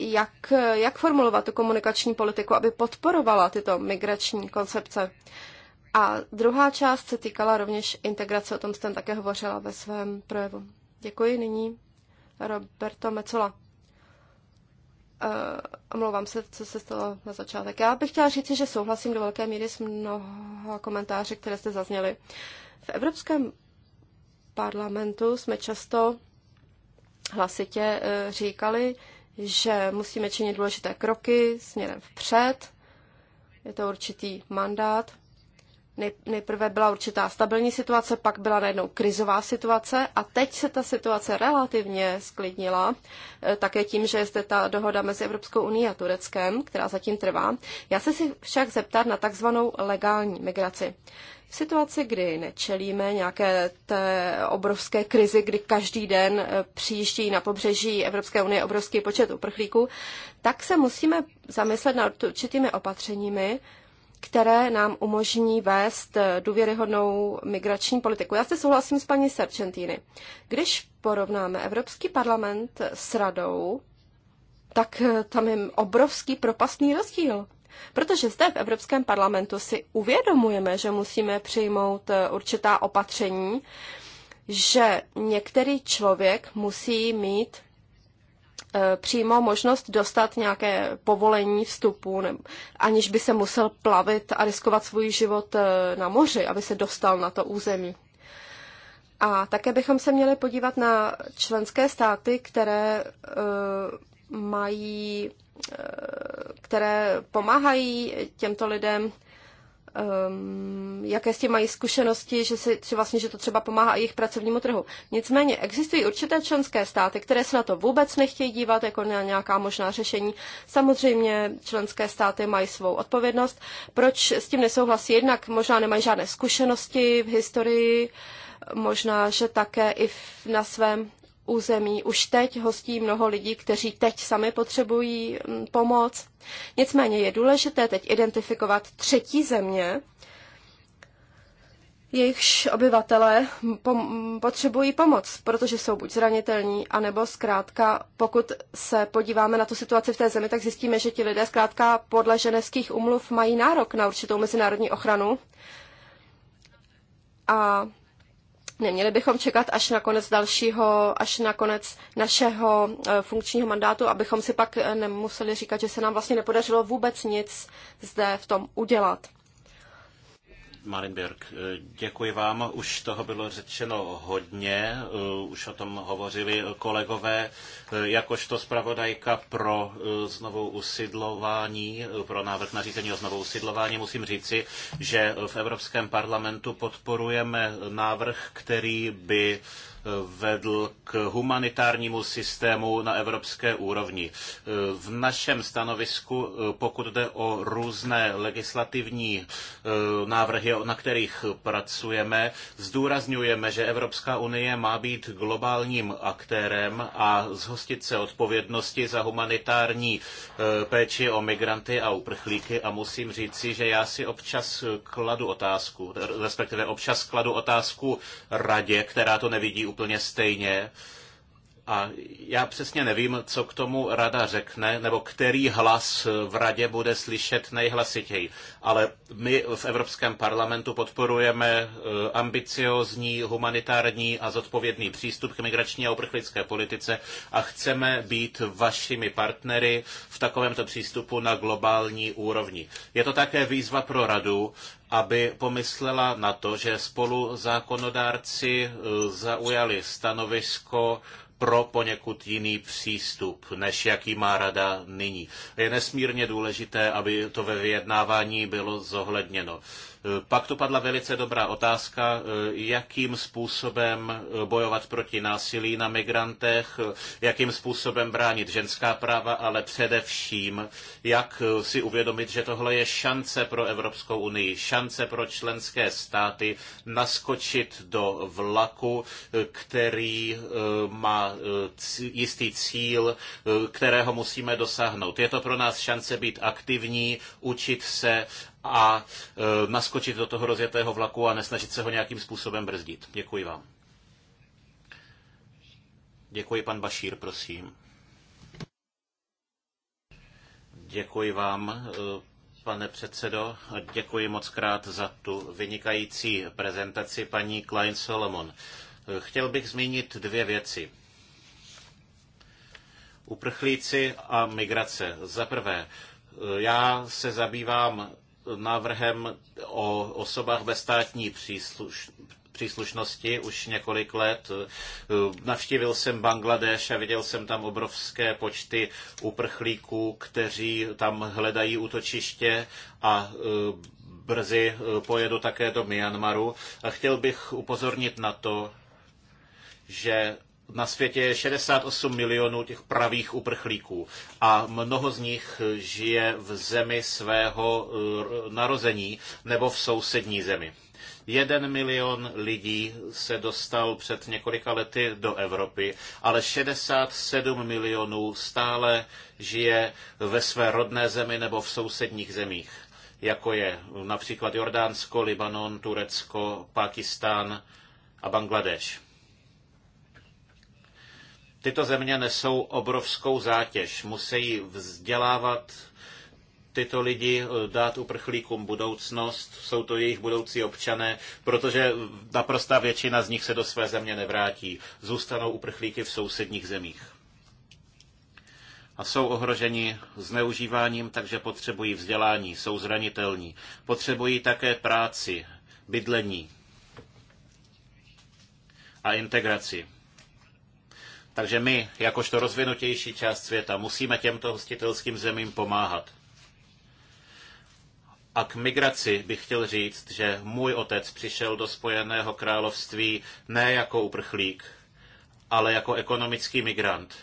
Jak, jak formulovat tu komunikační politiku, aby podporovala tyto migrační koncepce? A druhá část se týkala rovněž integrace, o tom jste také hovořila ve svém projevu. Děkuji nyní Roberto Mecola. Uh, omlouvám se, co se stalo na začátek. Já bych chtěla říct, že souhlasím do velké míry s mnoha komentáři, které jste zazněli. V Evropském parlamentu jsme často hlasitě uh, říkali, že musíme činit důležité kroky směrem vpřed. Je to určitý mandát, Nejprve byla určitá stabilní situace, pak byla najednou krizová situace a teď se ta situace relativně sklidnila, e, také tím, že je zde ta dohoda mezi Evropskou unii a Tureckem, která zatím trvá. Já se si však zeptat na takzvanou legální migraci. V situaci, kdy nečelíme nějaké té obrovské krizi, kdy každý den e, přijíždí na pobřeží Evropské unie obrovský počet uprchlíků, tak se musíme zamyslet nad určitými opatřeními, které nám umožní vést eh, důvěryhodnou migrační politiku. Já se souhlasím s paní Serčentýny. Když porovnáme Evropský parlament s radou, tak eh, tam je obrovský propastný rozdíl. Protože zde v Evropském parlamentu si uvědomujeme, že musíme přijmout eh, určitá opatření, že některý člověk musí mít Eh, přímo možnost dostat nějaké povolení vstupu, ne, aniž by se musel plavit a riskovat svůj život eh, na moři, aby se dostal na to území. A také bychom se měli podívat na členské státy, které eh, mají, které pomáhají těmto lidem um, jaké s tím mají zkušenosti, že, si, že, vlastně, že to třeba pomáhá i jejich pracovnímu trhu. Nicméně existují určité členské státy, které se na to vůbec nechtějí dívat jako na nějaká možná řešení. Samozřejmě členské státy mají svou odpovědnost. Proč s tím nesouhlasí? Jednak možná nemají žádné zkušenosti v historii, možná, že také i v, na svém území už teď hostí mnoho lidí, kteří teď sami potřebují mm, pomoc. Nicméně je důležité teď identifikovat třetí země, jejichž obyvatele pom- potřebují pomoc, protože jsou buď zranitelní, anebo zkrátka, pokud se podíváme na tu situaci v té zemi, tak zjistíme, že ti lidé zkrátka podle ženevských umluv mají nárok na určitou mezinárodní ochranu. A Neměli bychom čekat až na konec dalšího, až na konec našeho eh, funkčního mandátu, abychom si pak eh, nemuseli říkat, že se nám vlastně nepodařilo vůbec nic zde v tom udělat. Malin eh, děkuji vám. Už toho bylo řečeno hodně, eh, už o tom hovořili kolegové. Eh, jakožto zpravodajka pro znovu usidlování, pro návrh nařízení o znovu usidlování, musím říci, že v Evropském parlamentu podporujeme návrh, který by vedl k humanitárnímu systému na evropské úrovni. V našem stanovisku, pokud jde o různé legislativní e, návrhy, na kterých pracujeme, zdůrazňujeme, že Evropská unie má být globálním aktérem a zhostit se odpovědnosti za humanitární e, péči o migranty a uprchlíky a musím říci, že já si občas kladu otázku, respektive občas kladu otázku radě, která to nevidí úplně stejně a já přesně nevím, co k tomu rada řekne, nebo který hlas v radě bude slyšet nejhlasitěji. Ale my v Evropském parlamentu podporujeme eh, ambiciozní, humanitární a zodpovědný přístup k migrační a uprchlické politice a chceme být vašimi partnery v takovémto přístupu na globální úrovni. Je to také výzva pro radu, aby pomyslela na to, že spolu zákonodárci eh, zaujali stanovisko pro poněkud jiný přístup, než jaký má rada nyní. Je nesmírně důležité, aby to ve vyjednávání bylo zohledněno. Pak tu padla velice dobrá otázka, eh, jakým způsobem eh, bojovat proti násilí na migrantech, eh, jakým způsobem bránit ženská práva, ale především, jak si uvědomit, že tohle je šance pro Evropskou unii, šance pro členské státy naskočit do vlaku, který má jistý cíl, kterého musíme dosáhnout. Je to pro nás šance být aktivní, učit se a e, naskočit do toho rozjetého vlaku a nesnažit se ho nějakým způsobem brzdit. Děkuji vám. Děkuji, pan Bašír, prosím. Děkuji vám, e, pane předsedo. Děkuji moc krát za tu vynikající prezentaci paní Klein Solomon. E, chtěl bych zmínit dvě věci. Uprchlíci a migrace. Za prvé, já se zabývám návrhem o osobách ve státní přísluš, příslušnosti už několik let. Navštívil jsem Bangladeš a viděl jsem tam obrovské počty uprchlíků, kteří tam hledají útočiště a e, brzy e, pojedu také do Myanmaru. A chtěl bych upozornit na to, že na světě je 68 milionů těch pravých uprchlíků a mnoho z nich žije v zemi svého eh, narození nebo v sousední zemi. Jeden milion lidí se dostal před několika lety do Evropy, ale 67 milionů stále žije ve své rodné zemi nebo v sousedních zemích, jako je například Jordánsko, Libanon, Turecko, Pakistán a Bangladeš. Tyto země nesou obrovskou zátěž, musí vzdělávat tyto lidi, eh, dát uprchlíkům budoucnost, jsou to jejich budoucí občané, protože naprostá většina z nich se do své země nevrátí. Zůstanou uprchlíky v sousedních zemích. A jsou ohroženi zneužíváním, takže potřebují vzdělání, jsou zranitelní. Potřebují také práci, bydlení a integraci. Takže my, jakožto rozvinutější část světa, musíme těmto hostitelským zemím pomáhat. A k migraci bych chtěl říct, že můj otec přišel do Spojeného království ne jako uprchlík, ale jako ekonomický migrant.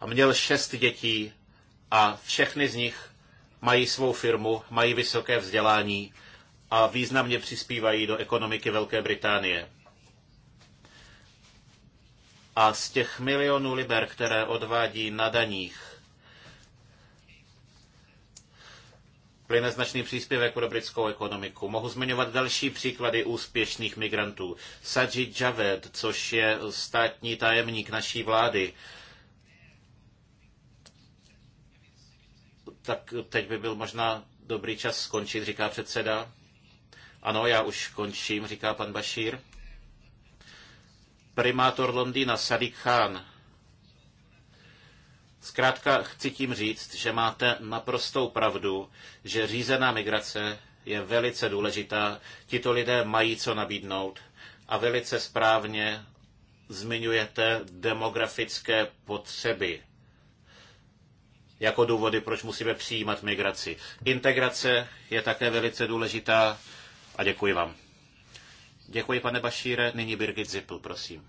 A měl šest dětí a všechny z nich mají svou firmu, mají vysoké vzdělání a významně přispívají do ekonomiky Velké Británie. A z těch milionů liber, které odvádí na daních, plyne značný příspěvek pro britskou ekonomiku. Mohu zmiňovat další příklady úspěšných migrantů. Sajid Javed, což je státní tajemník naší vlády, tak teď by byl možná dobrý čas skončit, říká předseda. Ano, já už končím, říká pan Bašír. Primátor Londýna Sadiq Khan. Zkrátka chci tím říct, že máte naprostou pravdu, že řízená migrace je velice důležitá. Tito lidé mají co nabídnout a velice správně zmiňujete demografické potřeby jako důvody, proč musíme přijímat migraci. Integrace je také velice důležitá a děkuji vám. Děkuji, pane Bašíre. Nyní Birgit Zippel, prosím.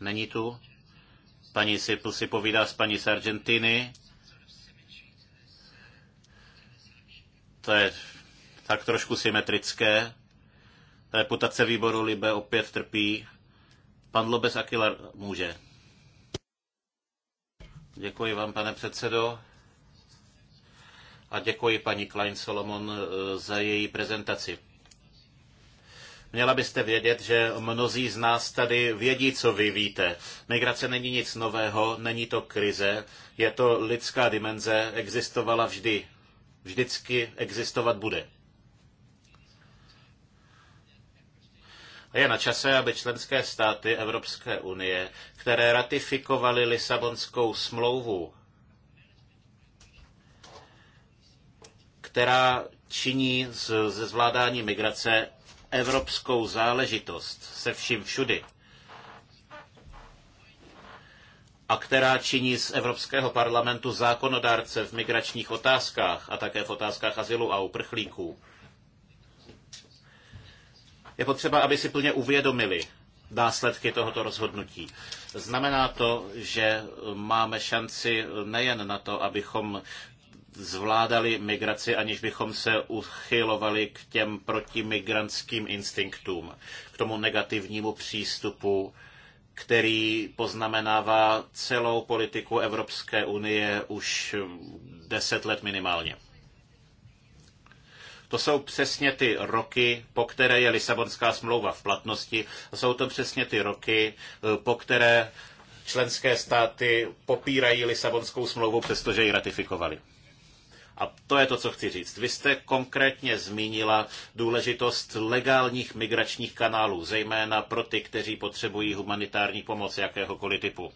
Není tu? Paní Zippel si povídá s paní z Argentiny. To je tak trošku symetrické. Reputace výboru Libe opět trpí. Pan Lobes Aquilar může. Děkuji vám, pane předsedo. A děkuji paní Klein Solomon eh, za její prezentaci. Měla byste vědět, že mnozí z nás tady vědí, co vy víte. Migrace není nic nového, není to krize, je to lidská dimenze, existovala vždy, vždycky existovat bude. Je na čase, aby členské státy Evropské unie, které ratifikovaly Lisabonskou smlouvu, která činí ze zvládání migrace evropskou záležitost se vším všudy a která činí z Evropského parlamentu zákonodárce v migračních otázkách a také v otázkách azylu a uprchlíků je potřeba, aby si plně uvědomili následky tohoto rozhodnutí. Znamená to, že máme šanci nejen na to, abychom zvládali migraci, aniž bychom se uchylovali k těm protimigrantským instinktům, k tomu negativnímu přístupu, který poznamenává celou politiku Evropské unie už deset let minimálně. To jsou přesně ty roky, po které je Lisabonská smlouva v platnosti. A jsou to přesně ty roky, eh, po které členské státy popírají Lisabonskou smlouvu, přestože ji ratifikovali. A to je to, co chci říct. Vy jste konkrétně zmínila důležitost legálních migračních kanálů, zejména pro ty, kteří potřebují humanitární pomoc jakéhokoliv typu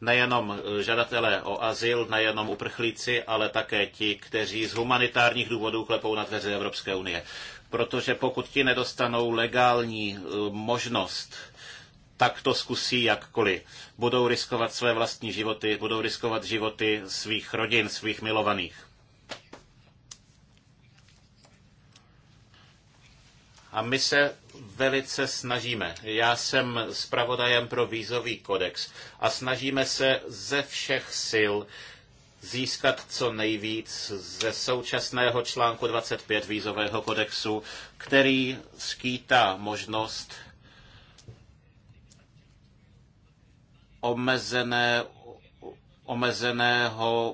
nejenom eh, žadatelé o azyl, nejenom uprchlíci, ale také ti, kteří z humanitárních důvodů klepou na dveře Evropské unie. Protože pokud ti nedostanou legální eh, možnost tak to zkusí jakkoliv. Budou riskovat své vlastní životy, budou riskovat životy svých rodin, svých milovaných. A my se velice snažíme. Já jsem zpravodajem pro vízový kodex a snažíme se ze všech sil získat co nejvíc ze současného článku 25 vízového kodexu, který skýtá možnost omezené omezeného,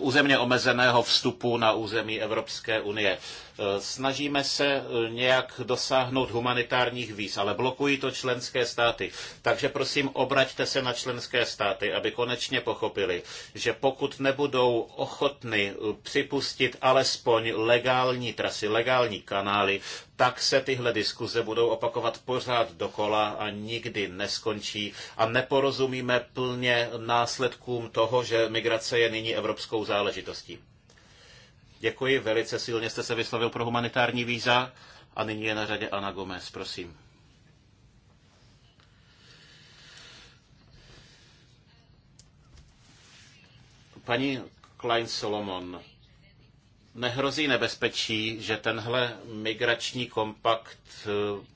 územně omezeného vstupu na území Evropské unie. Eh, snažíme se eh, nějak dosáhnout humanitárních víz, ale blokují to členské státy. Takže prosím, obraťte se na členské státy, aby konečně pochopili, že pokud nebudou ochotny eh, připustit alespoň legální trasy, legální kanály, tak se tyhle diskuze budou opakovat pořád dokola a nikdy neskončí a neporozumíme plně následkům toho, že migrace je nyní evropskou záležitostí. Děkuji, velice silně jste se vyslovil pro humanitární víza a nyní je na řadě Ana Gomez, prosím. Paní Klein Solomon, nehrozí nebezpečí, že tenhle migrační kompakt eh,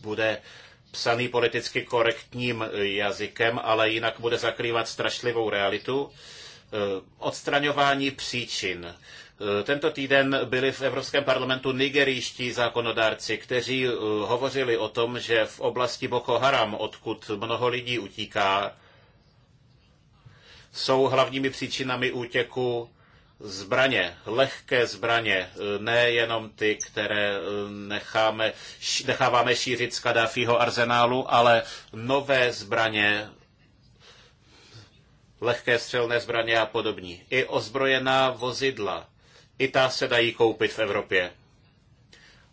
bude psaný politicky korektním jazykem, ale jinak bude zakrývat strašlivou realitu. Eh, odstraňování příčin. Eh, tento týden byli v Evropském parlamentu nigerijští zákonodárci, kteří eh, hovořili o tom, že v oblasti Boko Haram, odkud mnoho lidí utíká, jsou hlavními příčinami útěku zbraně, lehké zbraně, eh, nejenom ty, které necháme, necháváme šířit z Kadáfího arzenálu, ale nové zbraně, lehké střelné zbraně a podobní. I ozbrojená vozidla i ta se dají koupit v Evropě.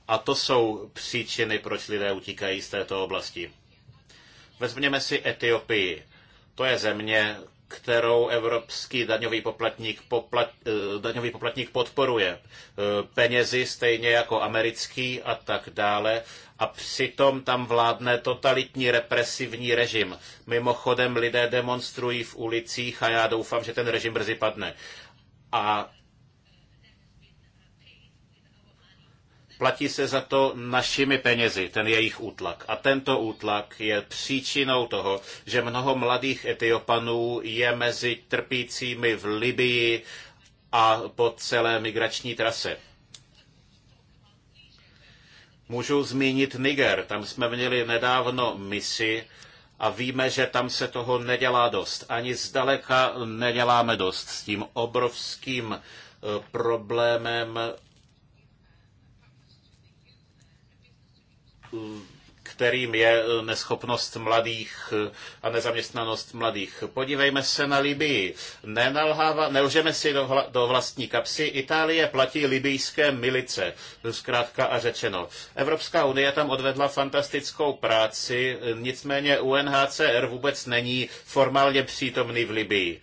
A to jsou příčiny, proč lidé utíkají z této oblasti. Vezměme si Etiopii. To je země, kterou evropský daňový poplatník, poplat, eh, daňový poplatník podporuje eh, penězi, stejně jako americký a tak dále. A přitom tam vládne totalitní represivní režim. Mimochodem lidé demonstrují v ulicích a já doufám, že ten režim brzy padne. A platí se za to našimi penězi, ten jejich útlak. A tento útlak je příčinou toho, že mnoho mladých Etiopanů je mezi trpícími v Libii a po celé migrační trase. Můžu zmínit Niger. Tam jsme měli nedávno misi a víme, že tam se toho nedělá dost. Ani zdaleka neděláme dost s tím obrovským eh, problémem kterým je eh, neschopnost mladých eh, a nezaměstnanost mladých. Podívejme se na Libii. Nenalhává, nelžeme si do, do vlastní kapsy. Itálie platí libijské milice, zkrátka a řečeno. Evropská unie tam odvedla fantastickou práci, eh, nicméně UNHCR vůbec není formálně přítomný v Libii.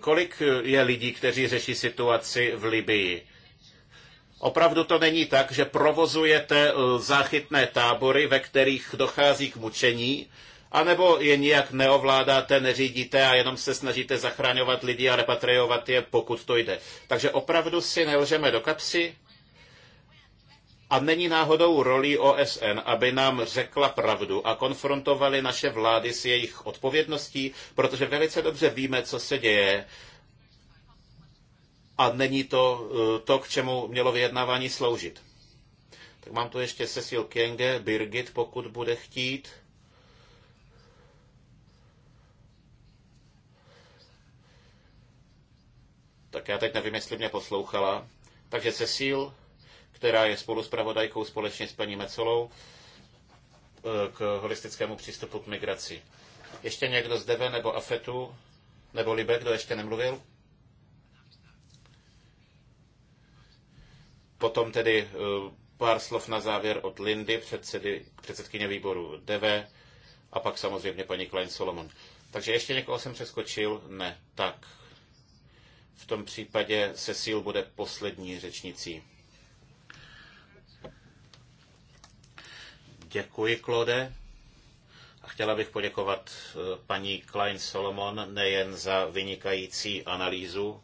Kolik je lidí, kteří řeší situaci v Libii? Opravdu to není tak, že provozujete eh, záchytné tábory, ve kterých dochází k mučení, anebo je nijak neovládáte, neřídíte a jenom se snažíte zachraňovat lidi a repatriovat je, pokud to jde. Takže opravdu si nelžeme do kapsy a není náhodou rolí OSN, aby nám řekla pravdu a konfrontovali naše vlády s jejich odpovědností, protože velice dobře víme, co se děje a není to eh, to, k čemu mělo vyjednávání sloužit. Tak mám tu ještě Cecil Kienge, Birgit, pokud bude chtít. Tak já teď nevím, jestli mě poslouchala. Takže Cecil, která je spolu s pravodajkou společně s paní Mecolou eh, k holistickému přístupu k migraci. Ještě někdo z Deve nebo Afetu nebo Libe, kdo ještě nemluvil? Potom tedy eh, pár slov na závěr od Lindy, předsedy, předsedkyně výboru DV a pak samozřejmě paní Klein Solomon. Takže ještě někoho jsem přeskočil? Ne. Tak. V tom případě Cecil bude poslední řečnicí. Děkuji, Klode. A chtěla bych poděkovat eh, paní Klein Solomon nejen za vynikající analýzu,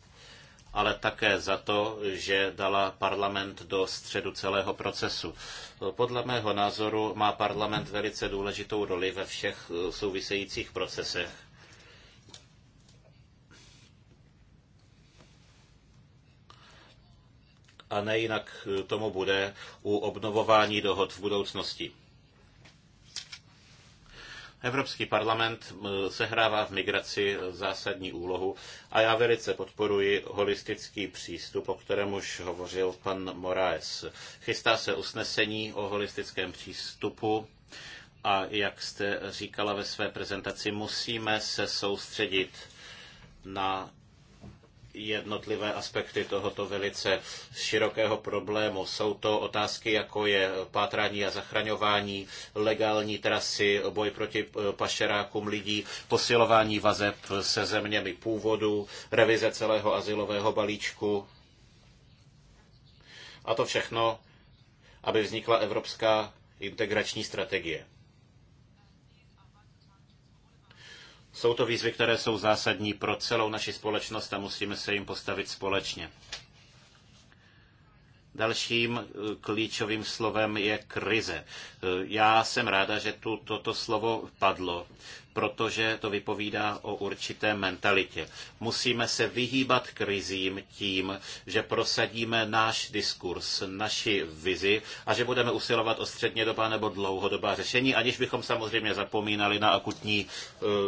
ale také za to, že dala parlament do středu celého procesu. Podle mého názoru má parlament velice důležitou roli ve všech eh, souvisejících procesech. A nejinak eh, tomu bude u obnovování dohod v budoucnosti. Evropský parlament sehrává v migraci zásadní úlohu a já velice podporuji holistický přístup, o kterém už hovořil pan Moraes. Chystá se usnesení o holistickém přístupu a jak jste říkala ve své prezentaci, musíme se soustředit na jednotlivé aspekty tohoto velice širokého problému. Jsou to otázky, jako je pátrání a zachraňování, legální trasy, boj proti eh, pašerákům lidí, posilování vazeb se zeměmi původu, revize celého asilového balíčku. A to všechno, aby vznikla evropská integrační strategie. Jsou to výzvy, které jsou zásadní pro celou naši společnost a musíme se jim postavit společně. Dalším eh, klíčovým slovem je krize. Eh, já jsem ráda, že tu toto slovo padlo, protože to vypovídá o určité mentalitě. Musíme se vyhýbat krizím tím, že prosadíme náš diskurs, naši vizi a že budeme usilovat o střednědobá nebo dlouhodobá řešení, aniž bychom samozřejmě zapomínali na akutní e,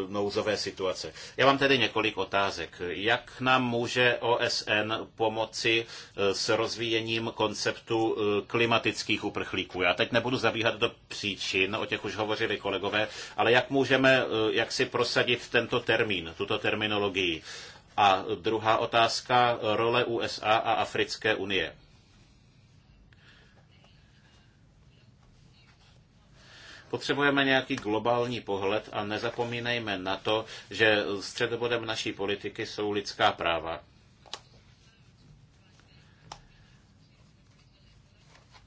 nouzové situace. Já mám tedy několik otázek. Jak nám může OSN pomoci e, s rozvíjením konceptu e, klimatických uprchlíků? Já teď nebudu zabíhat do příčin, o těch už hovořili kolegové, ale jak můžeme Eh, jak si prosadit tento termín, tuto terminologii. A druhá otázka, role USA a Africké unie. Potřebujeme nějaký globální pohled a nezapomínejme na to, že středobodem naší politiky jsou lidská práva.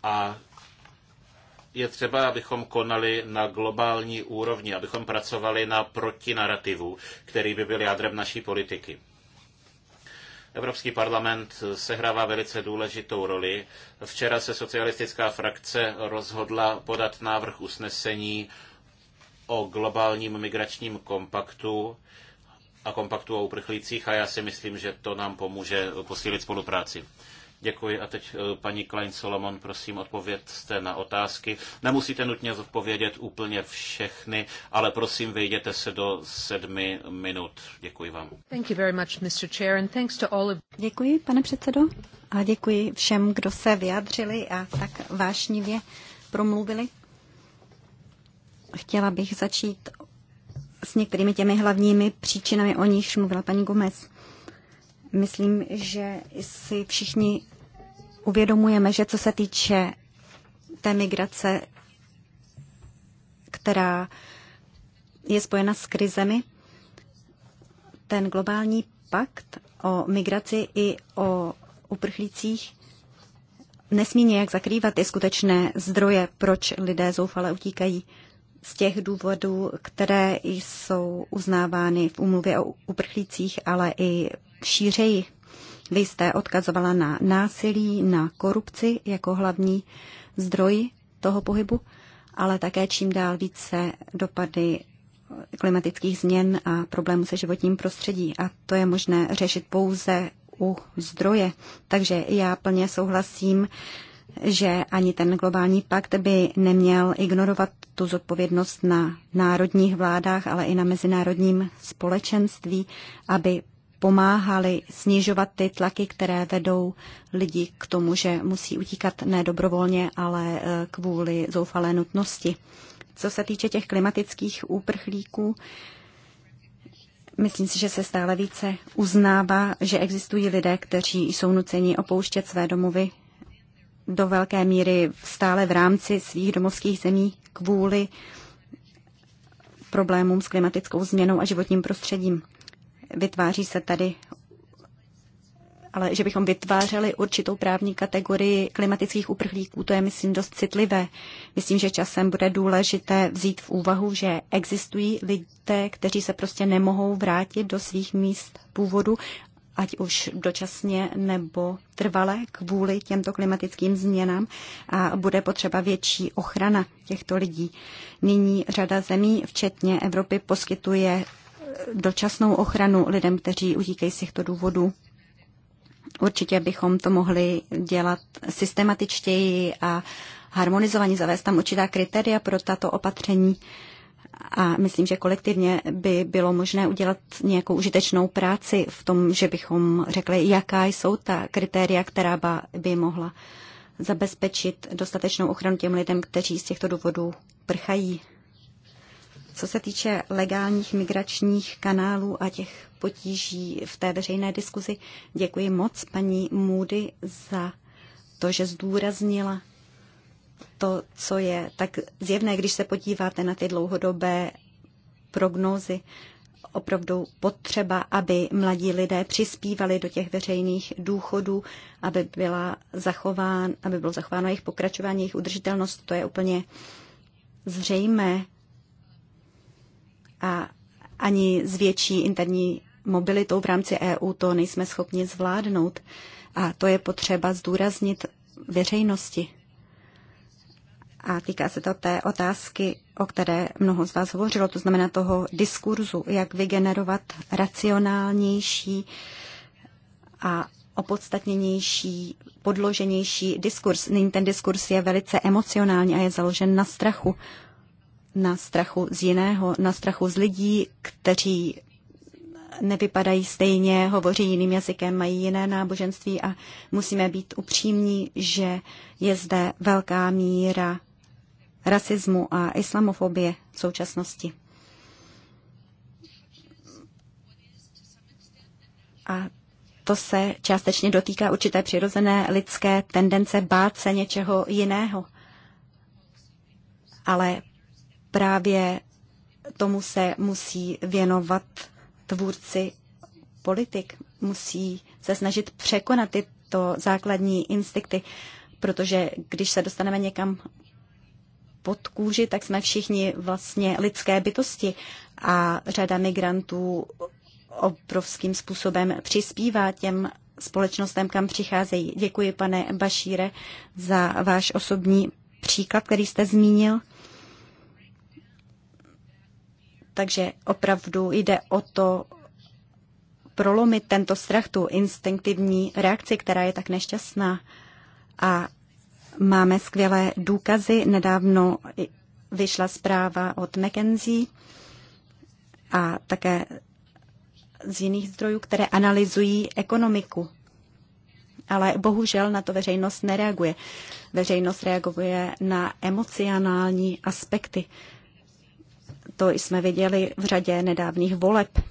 A je třeba, abychom konali na globální úrovni, abychom pracovali na protinarativu, který by byl jádrem naší politiky. Evropský parlament sehrává velice důležitou roli. Včera se socialistická frakce rozhodla podat návrh usnesení o globálním migračním kompaktu a kompaktu o uprchlících a já si myslím, že to nám pomůže posílit spolupráci. Děkuji a teď eh, paní Klein Solomon, prosím, odpovědte na otázky. Nemusíte nutně zodpovědět úplně všechny, ale prosím, vejděte se do sedmi minut. Děkuji vám. Děkuji, pane předsedo, a děkuji všem, kdo se vyjadřili a tak vášnivě promluvili. Chtěla bych začít s některými těmi hlavními příčinami, o nichž mluvila paní Gomez. Myslím, že si všichni uvědomujeme, že co se týče té migrace, která je spojena s krizemi, ten globální pakt o migraci i o uprchlících nesmí nějak zakrývat ty skutečné zdroje, proč lidé zoufale utíkají z těch důvodů, které jsou uznávány v úmluvě o uprchlících, ale i šířeji. Vy jste odkazovala na násilí, na korupci jako hlavní zdroj toho pohybu, ale také čím dál více dopady klimatických změn a problémů se životním prostředí. A to je možné řešit pouze u zdroje. Takže já plně souhlasím, že ani ten globální pakt by neměl ignorovat tu zodpovědnost na národních vládách, ale i na mezinárodním společenství, aby pomáhali snižovat ty tlaky, které vedou lidi k tomu, že musí utíkat ne dobrovolně, ale e, kvůli zoufalé nutnosti. Co se týče těch klimatických úprchlíků, myslím si, že se stále více uznává, že existují lidé, kteří jsou nuceni opouštět své domovy do velké míry stále v rámci svých domovských zemí kvůli problémům s klimatickou změnou a životním prostředím. Vytváří se tady ale že bychom vytvářeli určitou právní kategorii klimatických uprchlíků, to je, myslím, dost citlivé. Myslím, že časem bude důležité vzít v úvahu, že existují lidé, kteří se prostě nemohou vrátit do svých míst původu, ať už dočasně nebo trvale kvůli těmto klimatickým změnám a bude potřeba větší ochrana těchto lidí. Nyní řada zemí, včetně Evropy, poskytuje dočasnou ochranu lidem, kteří utíkají z těchto důvodů. Určitě bychom to mohli dělat systematičtěji a harmonizovaně zavést tam určitá kritéria pro tato opatření. A myslím, že kolektivně by bylo možné udělat nějakou užitečnou práci v tom, že bychom řekli, jaká jsou ta kritéria, která by mohla zabezpečit dostatečnou ochranu těm lidem, kteří z těchto důvodů prchají. Co se týče legálních migračních kanálů a těch potíží v té veřejné diskuzi, děkuji moc paní Moody za to, že zdůraznila to, co je tak zjevné, když se podíváte na ty dlouhodobé prognózy. Opravdu potřeba, aby mladí lidé přispívali do těch veřejných důchodů, aby, byla zachován, aby bylo zachováno jejich pokračování, jejich udržitelnost, to je úplně zřejmé a ani s větší interní mobilitou v rámci EU to nejsme schopni zvládnout. A to je potřeba zdůraznit veřejnosti. A týká se to té otázky, o které mnoho z vás hovořilo, to znamená toho diskurzu, jak vygenerovat racionálnější a opodstatněnější, podloženější diskurs. Nyní ten diskurs je velice emocionální a je založen na strachu na strachu z jiného, na strachu z lidí, kteří nevypadají stejně, hovoří jiným jazykem, mají jiné náboženství a musíme být upřímní, že je zde velká míra rasismu a islamofobie v současnosti. A to se částečně dotýká určité přirozené lidské tendence bát se něčeho jiného. Ale právě tomu se musí věnovat tvůrci politik. Musí se snažit překonat tyto základní instinkty, protože když se dostaneme někam pod kůži, tak jsme všichni vlastně lidské bytosti a řada migrantů obrovským způsobem přispívá těm společnostem, kam přicházejí. Děkuji, pane Bašíre, za váš osobní příklad, který jste zmínil. Takže opravdu jde o to prolomit tento strach, tu instinktivní reakci, která je tak nešťastná. A máme skvělé důkazy. Nedávno vyšla zpráva od McKenzie a také z jiných zdrojů, které analyzují ekonomiku. Ale bohužel na to veřejnost nereaguje. Veřejnost reaguje na emocionální aspekty. Uh, to jsme viděli v řadě nedávných voleb.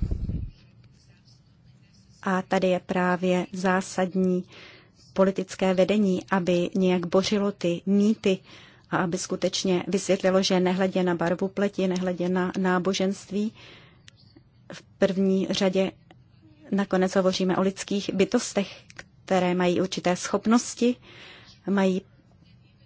A tady je právě zásadní politické vedení, aby nějak bořilo ty mýty a aby skutečně vysvětlilo, že nehledě na barvu pleti, nehledě na náboženství, v první řadě nakonec hovoříme o lidských bytostech, které mají určité schopnosti, mají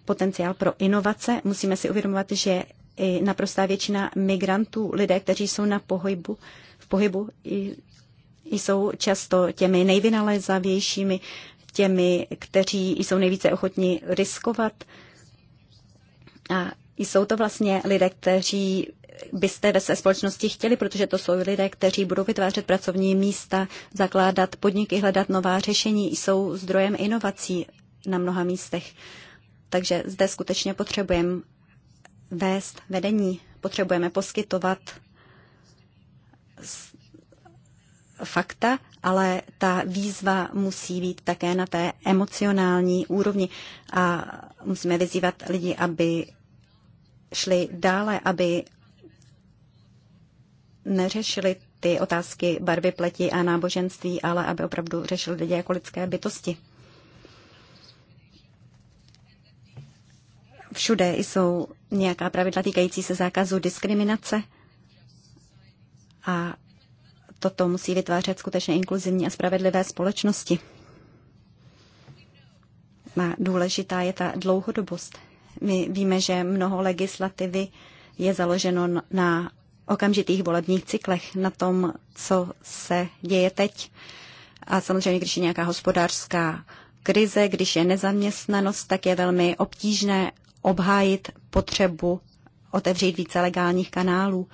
potenciál pro inovace. Musíme si uvědomovat, že i naprostá většina migrantů, lidé, kteří jsou na pohybu, v pohybu, jsou často těmi nejvynalézavějšími, těmi, kteří jsou nejvíce ochotní riskovat. A jsou to vlastně lidé, kteří byste ve své společnosti chtěli, protože to jsou lidé, kteří budou vytvářet pracovní místa, zakládat podniky, hledat nová řešení, jsou zdrojem inovací na mnoha místech. Takže zde skutečně potřebujeme vést vedení. Potřebujeme poskytovat fakta, ale ta výzva musí být také na té emocionální úrovni a musíme vyzývat lidi, aby šli dále, aby neřešili ty otázky barvy pleti a náboženství, ale aby opravdu řešili lidi jako lidské bytosti. všude jsou nějaká pravidla týkající se zákazu diskriminace a toto musí vytvářet skutečně inkluzivní a spravedlivé společnosti. A důležitá je ta dlouhodobost. My víme, že mnoho legislativy je založeno na okamžitých volebních cyklech, na tom, co se děje teď. A samozřejmě, když je nějaká hospodářská krize, když je nezaměstnanost, tak je velmi obtížné obhájit potřebu otevřít více legálních kanálů.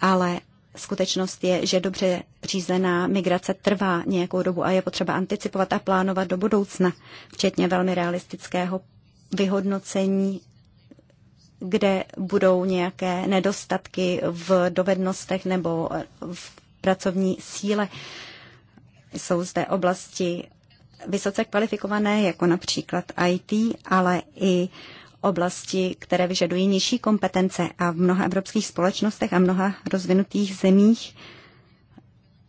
Ale skutečnost je, že dobře řízená migrace trvá nějakou dobu a je potřeba anticipovat a plánovat do budoucna, včetně velmi realistického vyhodnocení, kde budou nějaké nedostatky v dovednostech nebo v pracovní síle. Jsou zde oblasti vysoce kvalifikované, jako například IT, ale i oblasti, které vyžadují nižší kompetence a v mnoha evropských společnostech a mnoha rozvinutých zemích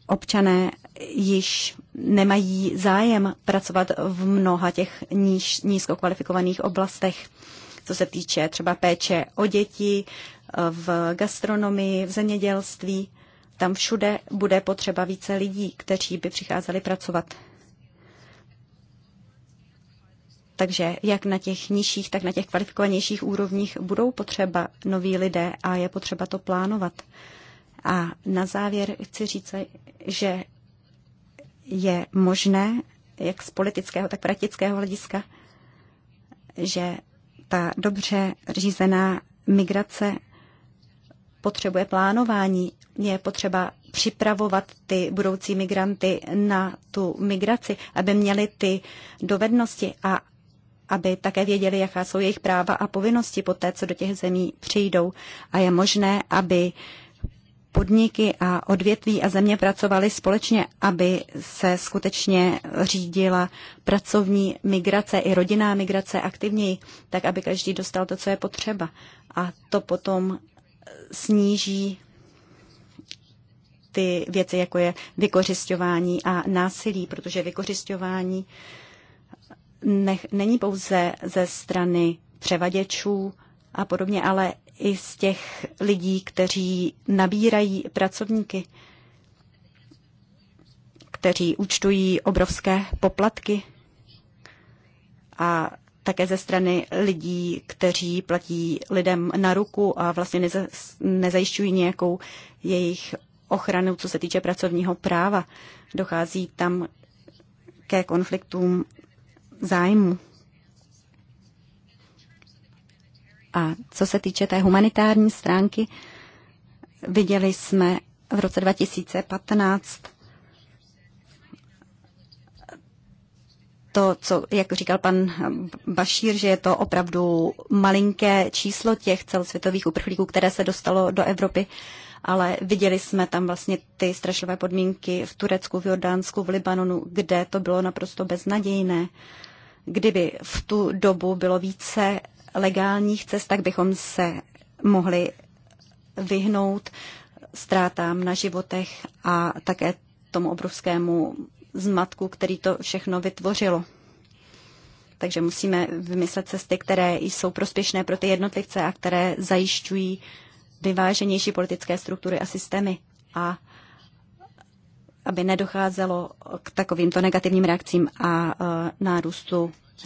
občané již nemají zájem pracovat v mnoha těch níž, nízko kvalifikovaných oblastech, co se týče třeba péče o děti, v gastronomii, v zemědělství. Tam všude bude potřeba více lidí, kteří by přicházeli pracovat takže jak na těch nižších, tak na těch kvalifikovanějších úrovních budou potřeba noví lidé a je potřeba to plánovat. A na závěr chci říct, že je možné, jak z politického, tak praktického hlediska, že ta dobře řízená migrace potřebuje plánování, je potřeba připravovat ty budoucí migranty na tu migraci, aby měli ty dovednosti a aby také věděli, jaká jsou jejich práva a povinnosti po té, co do těch zemí přijdou. A je možné, aby podniky a odvětví a země pracovaly společně, aby se skutečně řídila pracovní migrace i rodinná migrace aktivněji, tak aby každý dostal to, co je potřeba. A to potom sníží ty věci, jako je vykořišťování a násilí, protože vykořišťování nech, není pouze ze strany převaděčů a podobně, ale i z těch lidí, kteří nabírají pracovníky, kteří účtují obrovské poplatky a také ze strany lidí, kteří platí lidem na ruku a vlastně neza, nezajišťují nějakou jejich ochranu, co se týče pracovního práva. Dochází tam ke konfliktům zájmu. A co se týče té humanitární stránky, viděli jsme v roce 2015 to, co, jak říkal pan Bašír, že je to opravdu malinké číslo těch celosvětových uprchlíků, které se dostalo do Evropy. Uh, ale viděli jsme tam vlastně ty strašlivé podmínky v Turecku, v Jordánsku, v Libanonu, kde to bylo naprosto beznadějné. Kdyby v tu dobu bylo více legálních cest, tak bychom se mohli vyhnout ztrátám na životech a také tomu obrovskému zmatku, který to všechno vytvořilo. Takže musíme vymyslet cesty, které jsou prospěšné pro ty jednotlivce a které zajišťují vyváženější politické struktury a systémy a aby nedocházelo k takovýmto negativním reakcím a e, nárůstu